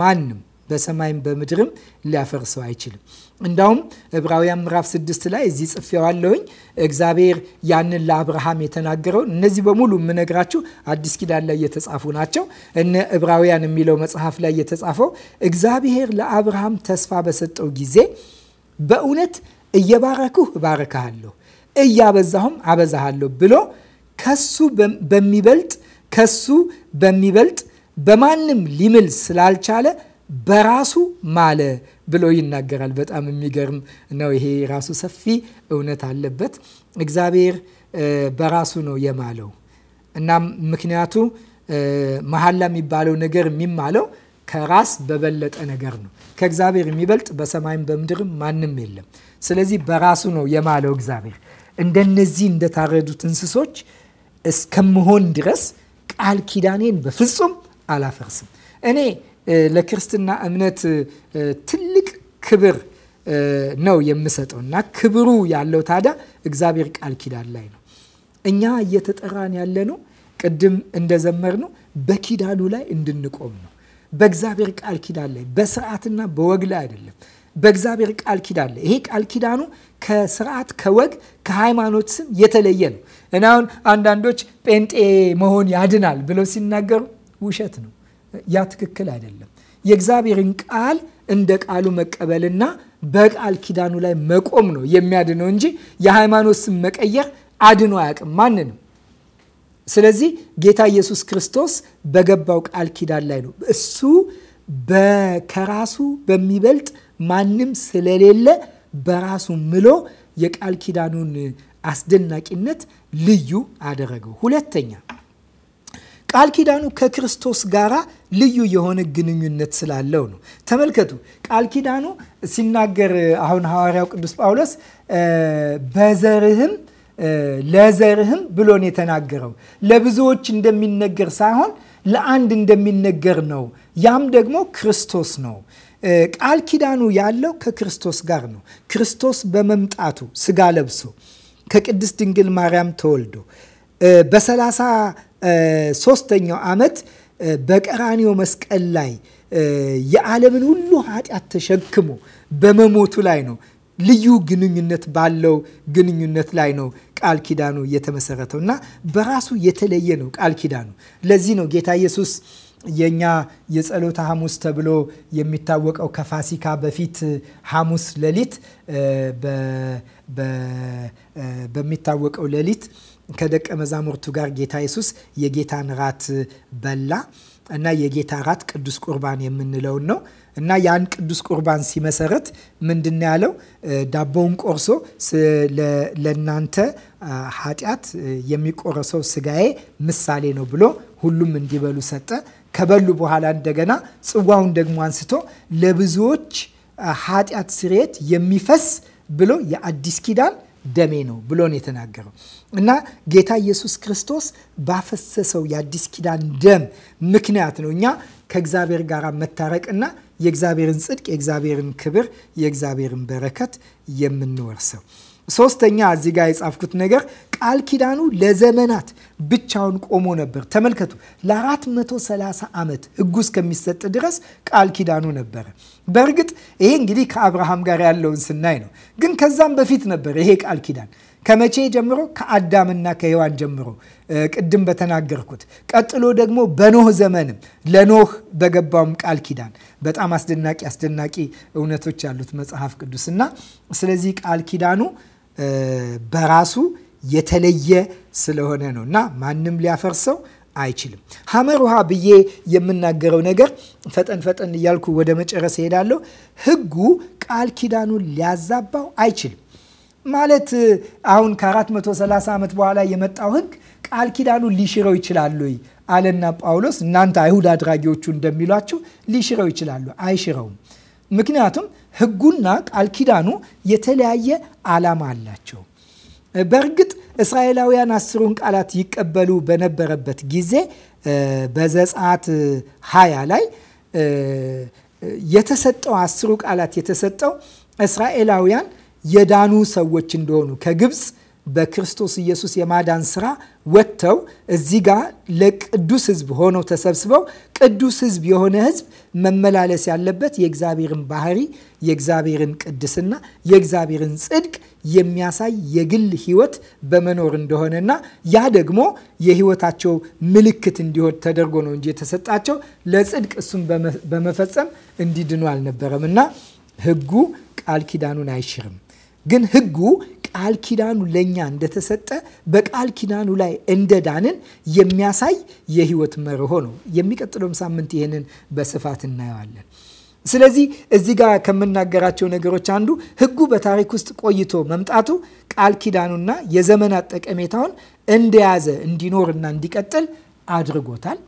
ማንም በሰማይም በምድርም ሊያፈርሰው አይችልም። እንዳውም ዕብራውያን ምዕራፍ ስድስት ላይ እዚህ ጽፌዋለሁኝ። እግዚአብሔር ያንን ለአብርሃም የተናገረውን እነዚህ በሙሉ የምነግራችሁ አዲስ ኪዳን ላይ የተጻፉ ናቸው። እነ ዕብራውያን የሚለው መጽሐፍ ላይ የተጻፈው እግዚአብሔር ለአብርሃም ተስፋ በሰጠው ጊዜ በእውነት እየባረኩህ እባርክሃለሁ፣ እያበዛሁም አበዛሃለሁ ብሎ ከሱ በሚበልጥ ከሱ በሚበልጥ በማንም ሊምል ስላልቻለ በራሱ ማለ ብሎ ይናገራል። በጣም የሚገርም ነው። ይሄ ራሱ ሰፊ እውነት አለበት። እግዚአብሔር በራሱ ነው የማለው። እናም ምክንያቱ መሐላ የሚባለው ነገር የሚማለው ከራስ በበለጠ ነገር ነው። ከእግዚአብሔር የሚበልጥ በሰማይም በምድርም ማንም የለም። ስለዚህ በራሱ ነው የማለው እግዚአብሔር እንደነዚህ እንደታረዱት እንስሶች እስከምሆን ድረስ ቃል ኪዳኔን በፍጹም አላፈርስም እኔ ለክርስትና እምነት ትልቅ ክብር ነው የምሰጠው እና ክብሩ ያለው ታዲያ እግዚአብሔር ቃል ኪዳን ላይ ነው። እኛ እየተጠራን ያለ ነው። ቅድም እንደዘመር ነው በኪዳኑ ላይ እንድንቆም ነው። በእግዚአብሔር ቃል ኪዳን ላይ በስርዓትና በወግ ላይ አይደለም። በእግዚአብሔር ቃል ኪዳን ላይ ይሄ ቃል ኪዳኑ ከስርዓት ከወግ ከሃይማኖት ስም የተለየ ነው እና አሁን አንዳንዶች ጴንጤ መሆን ያድናል ብለው ሲናገሩ ውሸት ነው። ያ ትክክል አይደለም። የእግዚአብሔርን ቃል እንደ ቃሉ መቀበልና በቃል ኪዳኑ ላይ መቆም ነው የሚያድነው እንጂ የሃይማኖት ስም መቀየር አድኖ አያውቅም ማንንም። ስለዚህ ጌታ ኢየሱስ ክርስቶስ በገባው ቃል ኪዳን ላይ ነው እሱ ከራሱ በሚበልጥ ማንም ስለሌለ በራሱ ምሎ የቃል ኪዳኑን አስደናቂነት ልዩ አደረገው። ሁለተኛ ቃል ኪዳኑ ከክርስቶስ ጋራ ልዩ የሆነ ግንኙነት ስላለው ነው። ተመልከቱ ቃል ኪዳኑ ሲናገር አሁን ሐዋርያው ቅዱስ ጳውሎስ በዘርህም ለዘርህም ብሎን የተናገረው ለብዙዎች እንደሚነገር ሳይሆን ለአንድ እንደሚነገር ነው። ያም ደግሞ ክርስቶስ ነው። ቃል ኪዳኑ ያለው ከክርስቶስ ጋር ነው። ክርስቶስ በመምጣቱ ስጋ ለብሶ ከቅድስት ድንግል ማርያም ተወልዶ በሰላሳ ሶስተኛው ዓመት በቀራኒዮ መስቀል ላይ የዓለምን ሁሉ ኃጢአት ተሸክሞ በመሞቱ ላይ ነው። ልዩ ግንኙነት ባለው ግንኙነት ላይ ነው ቃል ኪዳኑ የተመሰረተው እና በራሱ የተለየ ነው ቃል ኪዳኑ። ለዚህ ነው ጌታ ኢየሱስ የእኛ የጸሎተ ሐሙስ ተብሎ የሚታወቀው ከፋሲካ በፊት ሐሙስ ሌሊት በሚታወቀው ሌሊት ከደቀ መዛሙርቱ ጋር ጌታ ኢየሱስ የጌታን ራት በላ እና የጌታ ራት ቅዱስ ቁርባን የምንለውን ነው እና ያን ቅዱስ ቁርባን ሲመሰረት ምንድን ያለው? ዳቦውን ቆርሶ ለእናንተ ኃጢአት የሚቆረሰው ስጋዬ ምሳሌ ነው ብሎ ሁሉም እንዲበሉ ሰጠ። ከበሉ በኋላ እንደገና ጽዋውን ደግሞ አንስቶ ለብዙዎች ኃጢአት ስርየት የሚፈስ ብሎ የአዲስ ኪዳን ደሜ ነው ብሎ ነው የተናገረው እና ጌታ ኢየሱስ ክርስቶስ ባፈሰሰው የአዲስ ኪዳን ደም ምክንያት ነው እኛ ከእግዚአብሔር ጋር መታረቅና የእግዚአብሔርን ጽድቅ፣ የእግዚአብሔርን ክብር፣ የእግዚአብሔርን በረከት የምንወርሰው። ሶስተኛ እዚህ ጋር የጻፍኩት ነገር ቃል ኪዳኑ ለዘመናት ብቻውን ቆሞ ነበር። ተመልከቱ፣ ለ430 ዓመት ሕጉ እስከሚሰጥ ድረስ ቃል ኪዳኑ ነበረ። በእርግጥ ይሄ እንግዲህ ከአብርሃም ጋር ያለውን ስናይ ነው። ግን ከዛም በፊት ነበር ይሄ ቃል ኪዳን ከመቼ ጀምሮ? ከአዳምና ከሔዋን ጀምሮ ቅድም በተናገርኩት፣ ቀጥሎ ደግሞ በኖህ ዘመንም ለኖህ በገባውም ቃል ኪዳን በጣም አስደናቂ አስደናቂ እውነቶች ያሉት መጽሐፍ ቅዱስ እና ስለዚህ ቃል ኪዳኑ በራሱ የተለየ ስለሆነ ነው እና ማንም ሊያፈርሰው አይችልም። ሐመር ውሃ ብዬ የምናገረው ነገር ፈጠን ፈጠን እያልኩ ወደ መጨረስ እሄዳለሁ። ህጉ ቃል ኪዳኑን ሊያዛባው አይችልም። ማለት አሁን ከ430 ዓመት በኋላ የመጣው ህግ ቃል ኪዳኑ ሊሽረው ይችላሉ አለና ጳውሎስ እናንተ አይሁድ አድራጊዎቹ እንደሚሏችሁ ሊሽረው ይችላሉ። አይሽረውም። ምክንያቱም ህጉና ቃል ኪዳኑ የተለያየ ዓላማ አላቸው። በእርግጥ እስራኤላውያን አስሩን ቃላት ይቀበሉ በነበረበት ጊዜ በዘጸአት ሀያ ላይ የተሰጠው አስሩ ቃላት የተሰጠው እስራኤላውያን የዳኑ ሰዎች እንደሆኑ ከግብፅ በክርስቶስ ኢየሱስ የማዳን ስራ ወጥተው እዚህ ጋር ለቅዱስ ህዝብ ሆነው ተሰብስበው ቅዱስ ህዝብ የሆነ ህዝብ መመላለስ ያለበት የእግዚአብሔርን ባህሪ፣ የእግዚአብሔርን ቅድስና፣ የእግዚአብሔርን ጽድቅ የሚያሳይ የግል ህይወት በመኖር እንደሆነና ያ ደግሞ የህይወታቸው ምልክት እንዲሆን ተደርጎ ነው እንጂ የተሰጣቸው ለጽድቅ እሱን በመፈጸም እንዲድኑ አልነበረም እና ህጉ ቃል ኪዳኑን አይሽርም ግን ህጉ ቃል ኪዳኑ ለእኛ እንደተሰጠ በቃል ኪዳኑ ላይ እንደዳንን የሚያሳይ የህይወት መርሆ ነው። የሚቀጥለውም ሳምንት ይህንን በስፋት እናየዋለን። ስለዚህ እዚህ ጋር ከምናገራቸው ነገሮች አንዱ ህጉ በታሪክ ውስጥ ቆይቶ መምጣቱ ቃል ኪዳኑና የዘመናት ጠቀሜታውን እንደያዘ እንዲኖርና እንዲቀጥል አድርጎታል።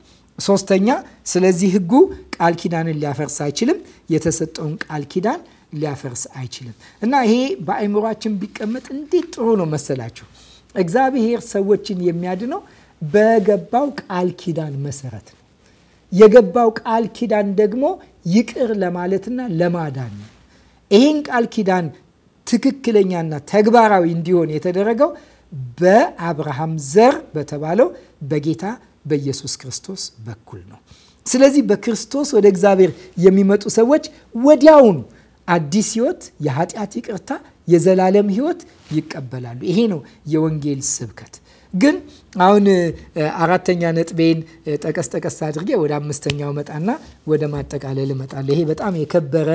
ሶስተኛ፣ ስለዚህ ህጉ ቃል ኪዳንን ሊያፈርስ አይችልም። የተሰጠውን ቃል ኪዳን ሊያፈርስ አይችልም። እና ይሄ በአይምሯችን ቢቀመጥ እንዴት ጥሩ ነው መሰላችሁ። እግዚአብሔር ሰዎችን የሚያድነው በገባው ቃል ኪዳን መሰረት ነው። የገባው ቃል ኪዳን ደግሞ ይቅር ለማለትና ለማዳን ነው። ይህን ቃል ኪዳን ትክክለኛና ተግባራዊ እንዲሆን የተደረገው በአብርሃም ዘር በተባለው በጌታ በኢየሱስ ክርስቶስ በኩል ነው። ስለዚህ በክርስቶስ ወደ እግዚአብሔር የሚመጡ ሰዎች ወዲያውኑ አዲስ ህይወት፣ የኃጢአት ይቅርታ፣ የዘላለም ህይወት ይቀበላሉ። ይሄ ነው የወንጌል ስብከት። ግን አሁን አራተኛ ነጥቤን ጠቀስ ጠቀስ አድርጌ ወደ አምስተኛው መጣና ወደ ማጠቃለል እመጣለሁ። ይሄ በጣም የከበረ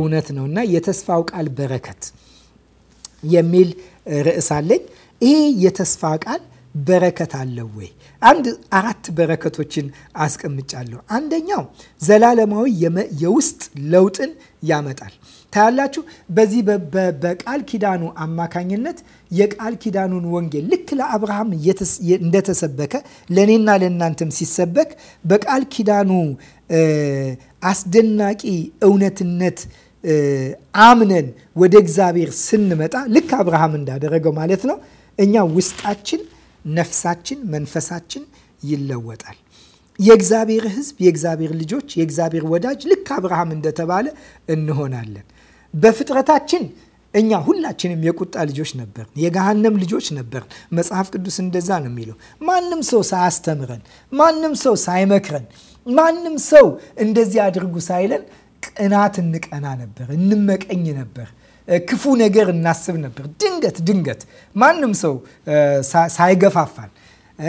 እውነት ነው እና የተስፋው ቃል በረከት የሚል ርዕስ አለኝ። ይሄ የተስፋ ቃል በረከት አለው ወይ? አንድ አራት በረከቶችን አስቀምጫለሁ። አንደኛው ዘላለማዊ የውስጥ ለውጥን ያመጣል። ታያላችሁ። በዚህ በቃል ኪዳኑ አማካኝነት የቃል ኪዳኑን ወንጌል ልክ ለአብርሃም እንደተሰበከ ለእኔና ለእናንተም ሲሰበክ በቃል ኪዳኑ አስደናቂ እውነትነት አምነን ወደ እግዚአብሔር ስንመጣ ልክ አብርሃም እንዳደረገው ማለት ነው። እኛ ውስጣችን፣ ነፍሳችን፣ መንፈሳችን ይለወጣል። የእግዚአብሔር ሕዝብ፣ የእግዚአብሔር ልጆች፣ የእግዚአብሔር ወዳጅ ልክ አብርሃም እንደተባለ እንሆናለን። በፍጥረታችን እኛ ሁላችንም የቁጣ ልጆች ነበር፣ የገሃነም ልጆች ነበር። መጽሐፍ ቅዱስ እንደዛ ነው የሚለው። ማንም ሰው ሳያስተምረን፣ ማንም ሰው ሳይመክረን፣ ማንም ሰው እንደዚህ አድርጉ ሳይለን ቅናት እንቀና ነበር፣ እንመቀኝ ነበር፣ ክፉ ነገር እናስብ ነበር። ድንገት ድንገት ማንም ሰው ሳይገፋፋን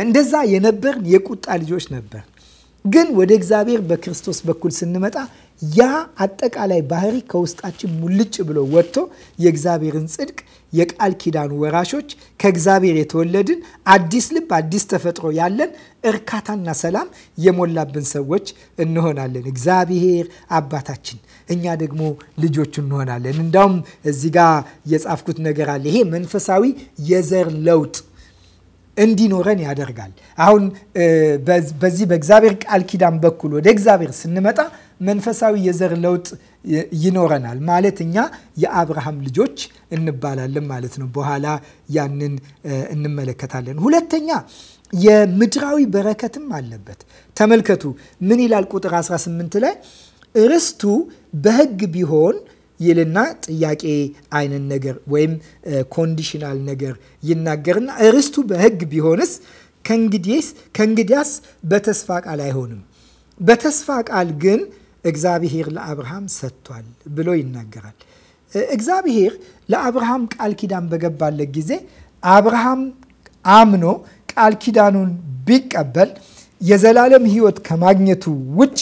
እንደዛ የነበርን የቁጣ ልጆች ነበር። ግን ወደ እግዚአብሔር በክርስቶስ በኩል ስንመጣ ያ አጠቃላይ ባህሪ ከውስጣችን ሙልጭ ብሎ ወጥቶ የእግዚአብሔርን ጽድቅ የቃል ኪዳኑ ወራሾች ከእግዚአብሔር የተወለድን አዲስ ልብ አዲስ ተፈጥሮ ያለን እርካታና ሰላም የሞላብን ሰዎች እንሆናለን። እግዚአብሔር አባታችን፣ እኛ ደግሞ ልጆቹ እንሆናለን። እንዳውም እዚህ ጋር የጻፍኩት ነገር አለ። ይሄ መንፈሳዊ የዘር ለውጥ እንዲኖረን ያደርጋል። አሁን በዚህ በእግዚአብሔር ቃል ኪዳን በኩል ወደ እግዚአብሔር ስንመጣ መንፈሳዊ የዘር ለውጥ ይኖረናል ማለት እኛ የአብርሃም ልጆች እንባላለን ማለት ነው። በኋላ ያንን እንመለከታለን። ሁለተኛ የምድራዊ በረከትም አለበት። ተመልከቱ ምን ይላል? ቁጥር 18 ላይ ርስቱ በሕግ ቢሆን ይልና ጥያቄ አይነት ነገር ወይም ኮንዲሽናል ነገር ይናገርና ርስቱ በህግ ቢሆንስ ከእንግዲስ ከእንግዲያስ በተስፋ ቃል አይሆንም። በተስፋ ቃል ግን እግዚአብሔር ለአብርሃም ሰጥቷል ብሎ ይናገራል። እግዚአብሔር ለአብርሃም ቃል ኪዳን በገባለት ጊዜ አብርሃም አምኖ ቃል ኪዳኑን ቢቀበል የዘላለም ህይወት ከማግኘቱ ውጪ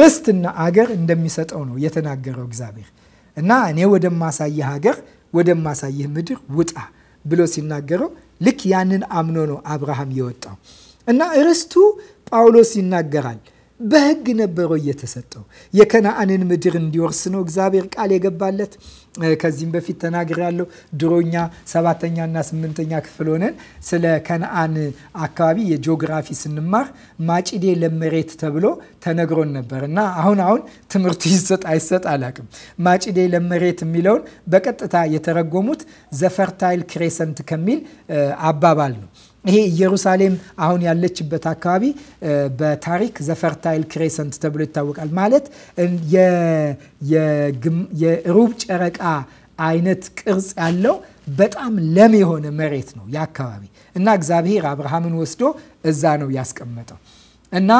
ርስትና አገር እንደሚሰጠው ነው የተናገረው እግዚአብሔር እና እኔ ወደማሳይህ ሀገር ወደማሳይህ ምድር ውጣ ብሎ ሲናገረው ልክ ያንን አምኖ ነው አብርሃም የወጣው እና ርስቱ ጳውሎስ ይናገራል በህግ ነበረው እየተሰጠው የከነአንን ምድር እንዲወርስ ነው እግዚአብሔር ቃል የገባለት። ከዚህም በፊት ተናግር ያለው ድሮኛ ሰባተኛና ስምንተኛ ክፍል ሆነን ስለ ከነአን አካባቢ የጂኦግራፊ ስንማር ማጭዴ ለመሬት ተብሎ ተነግሮን ነበር እና አሁን አሁን ትምህርቱ ይሰጥ አይሰጥ አላቅም። ማጭዴ ለመሬት የሚለውን በቀጥታ የተረጎሙት ዘፈርታይል ክሬሰንት ከሚል አባባል ነው ይሄ ኢየሩሳሌም አሁን ያለችበት አካባቢ በታሪክ ዘፈርታይል ክሬሰንት ተብሎ ይታወቃል። ማለት የሩብ ጨረቃ አይነት ቅርጽ ያለው በጣም ለም የሆነ መሬት ነው የአካባቢ እና እግዚአብሔር አብርሃምን ወስዶ እዛ ነው ያስቀመጠው። እና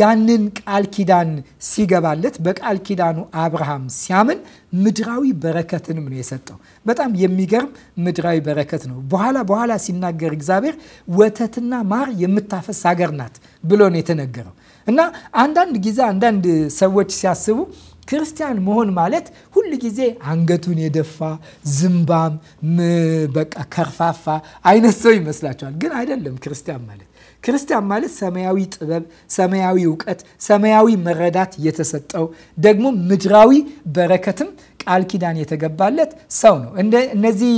ያንን ቃል ኪዳን ሲገባለት በቃል ኪዳኑ አብርሃም ሲያምን ምድራዊ በረከትንም ነው የሰጠው። በጣም የሚገርም ምድራዊ በረከት ነው። በኋላ በኋላ ሲናገር እግዚአብሔር ወተትና ማር የምታፈስ ሀገር ናት ብሎ ነው የተነገረው እና አንዳንድ ጊዜ አንዳንድ ሰዎች ሲያስቡ ክርስቲያን መሆን ማለት ሁል ጊዜ አንገቱን የደፋ ዝምባም፣ በቃ ከርፋፋ አይነት ሰው ይመስላቸዋል። ግን አይደለም ክርስቲያን ማለት ክርስቲያን ማለት ሰማያዊ ጥበብ፣ ሰማያዊ እውቀት፣ ሰማያዊ መረዳት የተሰጠው ደግሞ ምድራዊ በረከትም ቃል ኪዳን የተገባለት ሰው ነው። እነዚህ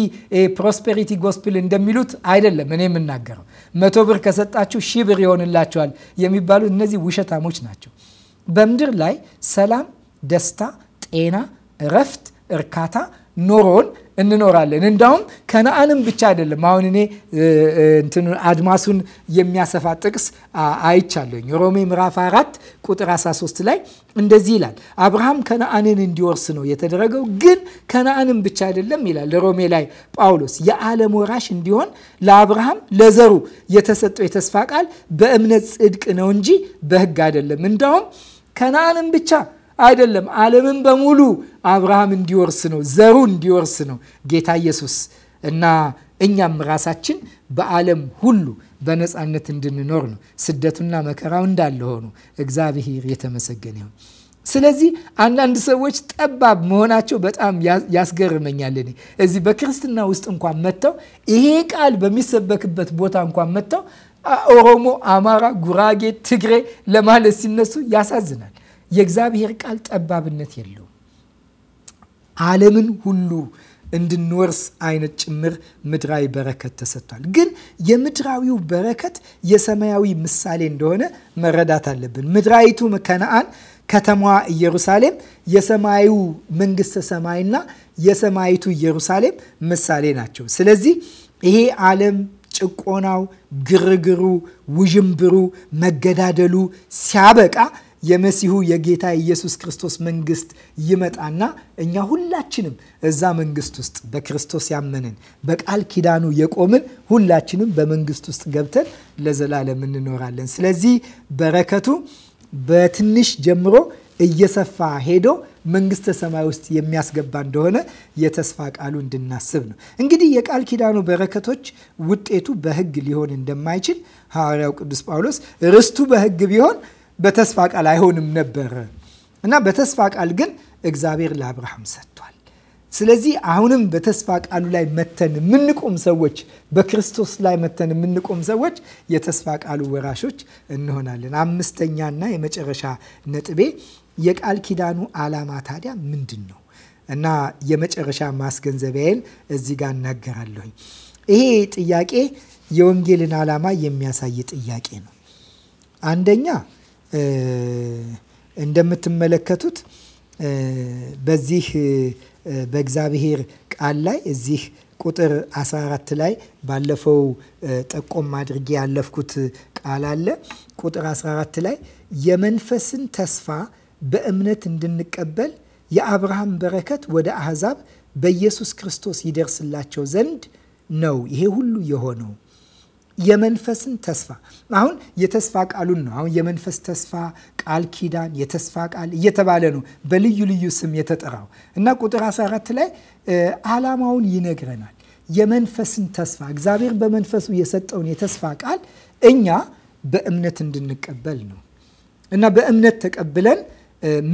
ፕሮስፔሪቲ ጎስፕል እንደሚሉት አይደለም እኔ የምናገረው። መቶ ብር ከሰጣችሁ ሺህ ብር ይሆንላችኋል የሚባሉት እነዚህ ውሸታሞች ናቸው። በምድር ላይ ሰላም፣ ደስታ፣ ጤና፣ እረፍት፣ እርካታ ኖሮን እንኖራለን። እንዳውም ከነአንም ብቻ አይደለም። አሁን እኔ አድማሱን የሚያሰፋ ጥቅስ አይቻለኝ። ሮሜ ምዕራፍ 4 ቁጥር 13 ላይ እንደዚህ ይላል፣ አብርሃም ከነአንን እንዲወርስ ነው የተደረገው። ግን ከነአንም ብቻ አይደለም ይላል ሮሜ ላይ ጳውሎስ፣ የዓለም ወራሽ እንዲሆን ለአብርሃም ለዘሩ የተሰጠው የተስፋ ቃል በእምነት ጽድቅ ነው እንጂ በሕግ አይደለም። እንዳውም ከነአንም ብቻ አይደለም። ዓለምን በሙሉ አብርሃም እንዲወርስ ነው፣ ዘሩ እንዲወርስ ነው ጌታ ኢየሱስ እና እኛም ራሳችን በዓለም ሁሉ በነፃነት እንድንኖር ነው። ስደቱና መከራው እንዳለ ሆኖ እግዚአብሔር የተመሰገነ ይሁን። ስለዚህ አንዳንድ ሰዎች ጠባብ መሆናቸው በጣም ያስገርመኛል። እኔ እዚህ በክርስትና ውስጥ እንኳን መጥተው ይሄ ቃል በሚሰበክበት ቦታ እንኳን መጥተው ኦሮሞ፣ አማራ፣ ጉራጌ፣ ትግሬ ለማለት ሲነሱ ያሳዝናል። የእግዚአብሔር ቃል ጠባብነት የለውም። ዓለምን ሁሉ እንድንወርስ አይነት ጭምር ምድራዊ በረከት ተሰጥቷል። ግን የምድራዊው በረከት የሰማያዊ ምሳሌ እንደሆነ መረዳት አለብን። ምድራዊቱ ከነአን ከተማዋ ኢየሩሳሌም የሰማዩ መንግስተ ሰማይና የሰማይቱ ኢየሩሳሌም ምሳሌ ናቸው። ስለዚህ ይሄ ዓለም ጭቆናው፣ ግርግሩ፣ ውዥንብሩ፣ መገዳደሉ ሲያበቃ የመሲሁ የጌታ ኢየሱስ ክርስቶስ መንግስት ይመጣና እኛ ሁላችንም እዛ መንግስት ውስጥ በክርስቶስ ያመንን በቃል ኪዳኑ የቆምን ሁላችንም በመንግስት ውስጥ ገብተን ለዘላለም እንኖራለን። ስለዚህ በረከቱ በትንሽ ጀምሮ እየሰፋ ሄዶ መንግስተ ሰማይ ውስጥ የሚያስገባ እንደሆነ የተስፋ ቃሉ እንድናስብ ነው። እንግዲህ የቃል ኪዳኑ በረከቶች ውጤቱ በሕግ ሊሆን እንደማይችል ሐዋርያው ቅዱስ ጳውሎስ ርስቱ በሕግ ቢሆን በተስፋ ቃል አይሆንም ነበር እና በተስፋ ቃል ግን እግዚአብሔር ለአብርሃም ሰጥቷል። ስለዚህ አሁንም በተስፋ ቃሉ ላይ መተን የምንቆም ሰዎች፣ በክርስቶስ ላይ መተን የምንቆም ሰዎች የተስፋ ቃሉ ወራሾች እንሆናለን። አምስተኛና የመጨረሻ ነጥቤ የቃል ኪዳኑ ዓላማ ታዲያ ምንድን ነው? እና የመጨረሻ ማስገንዘቢያዬን እዚህ ጋር እናገራለሁኝ። ይሄ ጥያቄ የወንጌልን ዓላማ የሚያሳይ ጥያቄ ነው። አንደኛ እንደምትመለከቱት በዚህ በእግዚአብሔር ቃል ላይ እዚህ ቁጥር 14 ላይ ባለፈው ጠቆም አድርጌ ያለፍኩት ቃል አለ። ቁጥር 14 ላይ የመንፈስን ተስፋ በእምነት እንድንቀበል የአብርሃም በረከት ወደ አህዛብ በኢየሱስ ክርስቶስ ይደርስላቸው ዘንድ ነው ይሄ ሁሉ የሆነው የመንፈስን ተስፋ አሁን የተስፋ ቃሉን ነው። አሁን የመንፈስ ተስፋ ቃል ኪዳን፣ የተስፋ ቃል እየተባለ ነው በልዩ ልዩ ስም የተጠራው እና ቁጥር 14 ላይ ዓላማውን ይነግረናል። የመንፈስን ተስፋ እግዚአብሔር በመንፈሱ የሰጠውን የተስፋ ቃል እኛ በእምነት እንድንቀበል ነው እና በእምነት ተቀብለን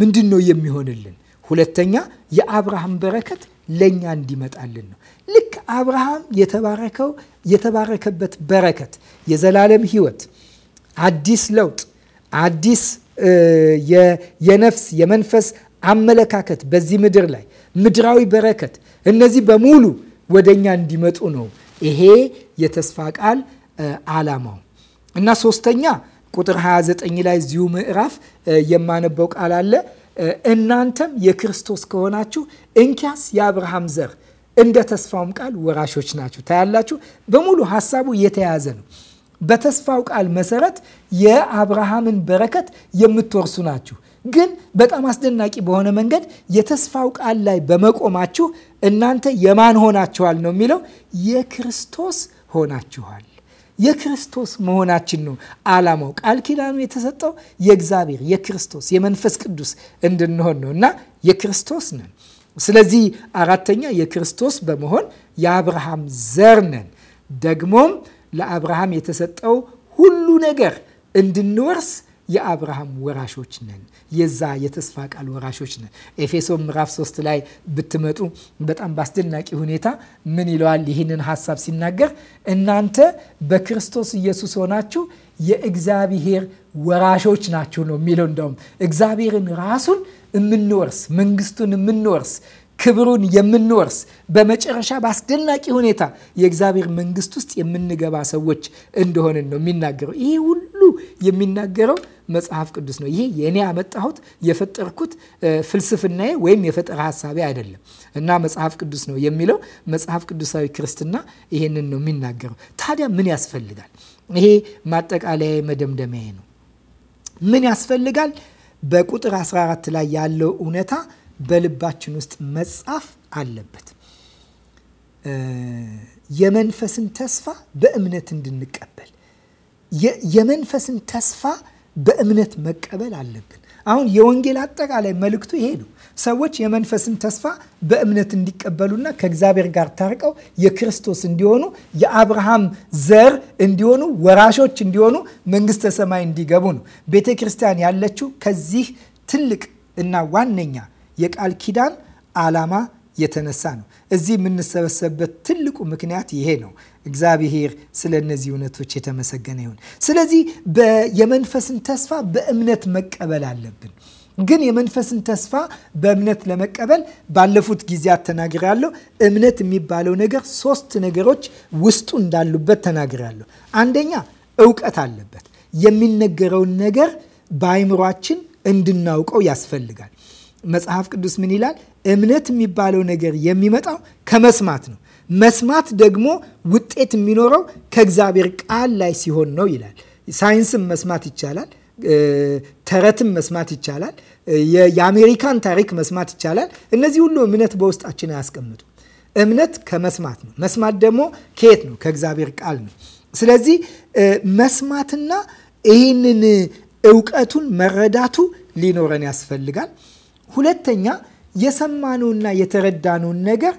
ምንድን ነው የሚሆንልን? ሁለተኛ የአብርሃም በረከት ለእኛ እንዲመጣልን ነው። ልክ አብርሃም የተባረከው የተባረከበት በረከት የዘላለም ህይወት አዲስ ለውጥ፣ አዲስ የነፍስ የመንፈስ አመለካከት በዚህ ምድር ላይ ምድራዊ በረከት፣ እነዚህ በሙሉ ወደ እኛ እንዲመጡ ነው። ይሄ የተስፋ ቃል አላማው እና ሶስተኛ ቁጥር 29 ላይ እዚሁ ምዕራፍ የማነበው ቃል አለ እናንተም የክርስቶስ ከሆናችሁ እንኪያስ የአብርሃም ዘር እንደ ተስፋውም ቃል ወራሾች ናቸው። ታያላችሁ፣ በሙሉ ሀሳቡ የተያዘ ነው። በተስፋው ቃል መሰረት የአብርሃምን በረከት የምትወርሱ ናችሁ። ግን በጣም አስደናቂ በሆነ መንገድ የተስፋው ቃል ላይ በመቆማችሁ እናንተ የማን ሆናችኋል ነው የሚለው? የክርስቶስ ሆናችኋል። የክርስቶስ መሆናችን ነው ዓላማው። ቃል ኪዳኑ የተሰጠው የእግዚአብሔር የክርስቶስ የመንፈስ ቅዱስ እንድንሆን ነው እና የክርስቶስ ነን። ስለዚህ አራተኛ የክርስቶስ በመሆን የአብርሃም ዘር ነን። ደግሞም ለአብርሃም የተሰጠው ሁሉ ነገር እንድንወርስ የአብርሃም ወራሾች ነን። የዛ የተስፋ ቃል ወራሾች ነን። ኤፌሶን ምዕራፍ 3 ላይ ብትመጡ በጣም በአስደናቂ ሁኔታ ምን ይለዋል? ይህንን ሀሳብ ሲናገር እናንተ በክርስቶስ ኢየሱስ ሆናችሁ የእግዚአብሔር ወራሾች ናቸው ነው የሚለው። እንደውም እግዚአብሔርን ራሱን የምንወርስ መንግስቱን የምንወርስ ክብሩን የምንወርስ በመጨረሻ በአስደናቂ ሁኔታ የእግዚአብሔር መንግስት ውስጥ የምንገባ ሰዎች እንደሆንን ነው የሚናገረው። ይሄ ሁሉ የሚናገረው መጽሐፍ ቅዱስ ነው። ይሄ የእኔ ያመጣሁት የፈጠርኩት ፍልስፍናዬ ወይም የፈጠራ ሀሳቤ አይደለም እና መጽሐፍ ቅዱስ ነው የሚለው መጽሐፍ ቅዱሳዊ ክርስትና ይሄንን ነው የሚናገረው። ታዲያ ምን ያስፈልጋል? ይሄ ማጠቃለያ መደምደሚያ ነው። ምን ያስፈልጋል? በቁጥር 14 ላይ ያለው እውነታ በልባችን ውስጥ መጻፍ አለበት። የመንፈስን ተስፋ በእምነት እንድንቀበል የመንፈስን ተስፋ በእምነት መቀበል አለብን። አሁን የወንጌል አጠቃላይ መልእክቱ ይሄ ነው። ሰዎች የመንፈስን ተስፋ በእምነት እንዲቀበሉና ከእግዚአብሔር ጋር ታርቀው የክርስቶስ እንዲሆኑ የአብርሃም ዘር እንዲሆኑ ወራሾች እንዲሆኑ መንግስተ ሰማይ እንዲገቡ ነው። ቤተ ክርስቲያን ያለችው ከዚህ ትልቅ እና ዋነኛ የቃል ኪዳን ዓላማ የተነሳ ነው። እዚህ የምንሰበሰብበት ትልቁ ምክንያት ይሄ ነው። እግዚአብሔር ስለ እነዚህ እውነቶች የተመሰገነ ይሁን። ስለዚህ የመንፈስን ተስፋ በእምነት መቀበል አለብን። ግን የመንፈስን ተስፋ በእምነት ለመቀበል ባለፉት ጊዜያት ተናግሬያለሁ። እምነት የሚባለው ነገር ሶስት ነገሮች ውስጡ እንዳሉበት ተናግሬያለሁ። አንደኛ እውቀት አለበት። የሚነገረውን ነገር በአይምሯችን እንድናውቀው ያስፈልጋል። መጽሐፍ ቅዱስ ምን ይላል? እምነት የሚባለው ነገር የሚመጣው ከመስማት ነው፣ መስማት ደግሞ ውጤት የሚኖረው ከእግዚአብሔር ቃል ላይ ሲሆን ነው ይላል። ሳይንስም መስማት ይቻላል ተረትም መስማት ይቻላል። የአሜሪካን ታሪክ መስማት ይቻላል። እነዚህ ሁሉ እምነት በውስጣችን አያስቀምጡ። እምነት ከመስማት ነው። መስማት ደግሞ ከየት ነው? ከእግዚአብሔር ቃል ነው። ስለዚህ መስማትና ይህንን እውቀቱን መረዳቱ ሊኖረን ያስፈልጋል። ሁለተኛ የሰማነውና የተረዳነውን ነገር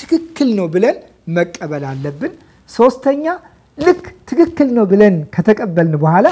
ትክክል ነው ብለን መቀበል አለብን። ሶስተኛ ልክ ትክክል ነው ብለን ከተቀበልን በኋላ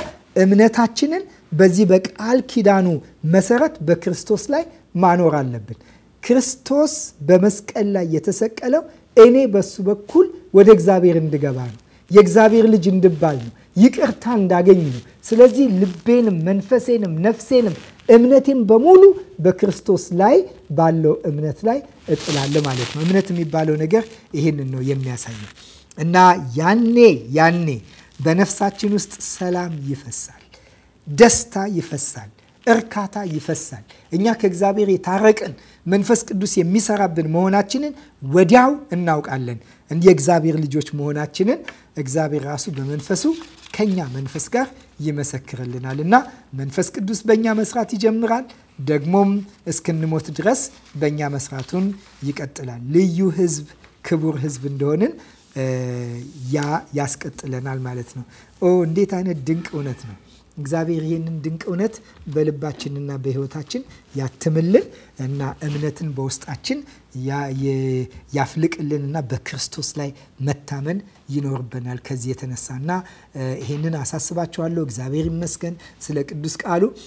እምነታችንን በዚህ በቃል ኪዳኑ መሰረት በክርስቶስ ላይ ማኖር አለብን። ክርስቶስ በመስቀል ላይ የተሰቀለው እኔ በሱ በኩል ወደ እግዚአብሔር እንድገባ ነው። የእግዚአብሔር ልጅ እንድባል ነው። ይቅርታ እንዳገኝ ነው። ስለዚህ ልቤንም፣ መንፈሴንም፣ ነፍሴንም እምነቴን በሙሉ በክርስቶስ ላይ ባለው እምነት ላይ እጥላለሁ ማለት ነው። እምነት የሚባለው ነገር ይህንን ነው የሚያሳየው እና ያኔ ያኔ በነፍሳችን ውስጥ ሰላም ይፈሳል፣ ደስታ ይፈሳል፣ እርካታ ይፈሳል። እኛ ከእግዚአብሔር የታረቅን መንፈስ ቅዱስ የሚሰራብን መሆናችንን ወዲያው እናውቃለን። የእግዚአብሔር ልጆች መሆናችንን እግዚአብሔር ራሱ በመንፈሱ ከኛ መንፈስ ጋር ይመሰክርልናል እና መንፈስ ቅዱስ በእኛ መስራት ይጀምራል። ደግሞም እስክንሞት ድረስ በእኛ መስራቱን ይቀጥላል። ልዩ ሕዝብ፣ ክቡር ሕዝብ እንደሆንን ያ ያስቀጥለናል ማለት ነው። ኦ እንዴት አይነት ድንቅ እውነት ነው! እግዚአብሔር ይህንን ድንቅ እውነት በልባችንና በሕይወታችን ያትምልን እና እምነትን በውስጣችን ያፍልቅልን እና በክርስቶስ ላይ መታመን ይኖርብናል። ከዚህ የተነሳ እና ይህንን አሳስባችኋለሁ። እግዚአብሔር ይመስገን ስለ ቅዱስ ቃሉ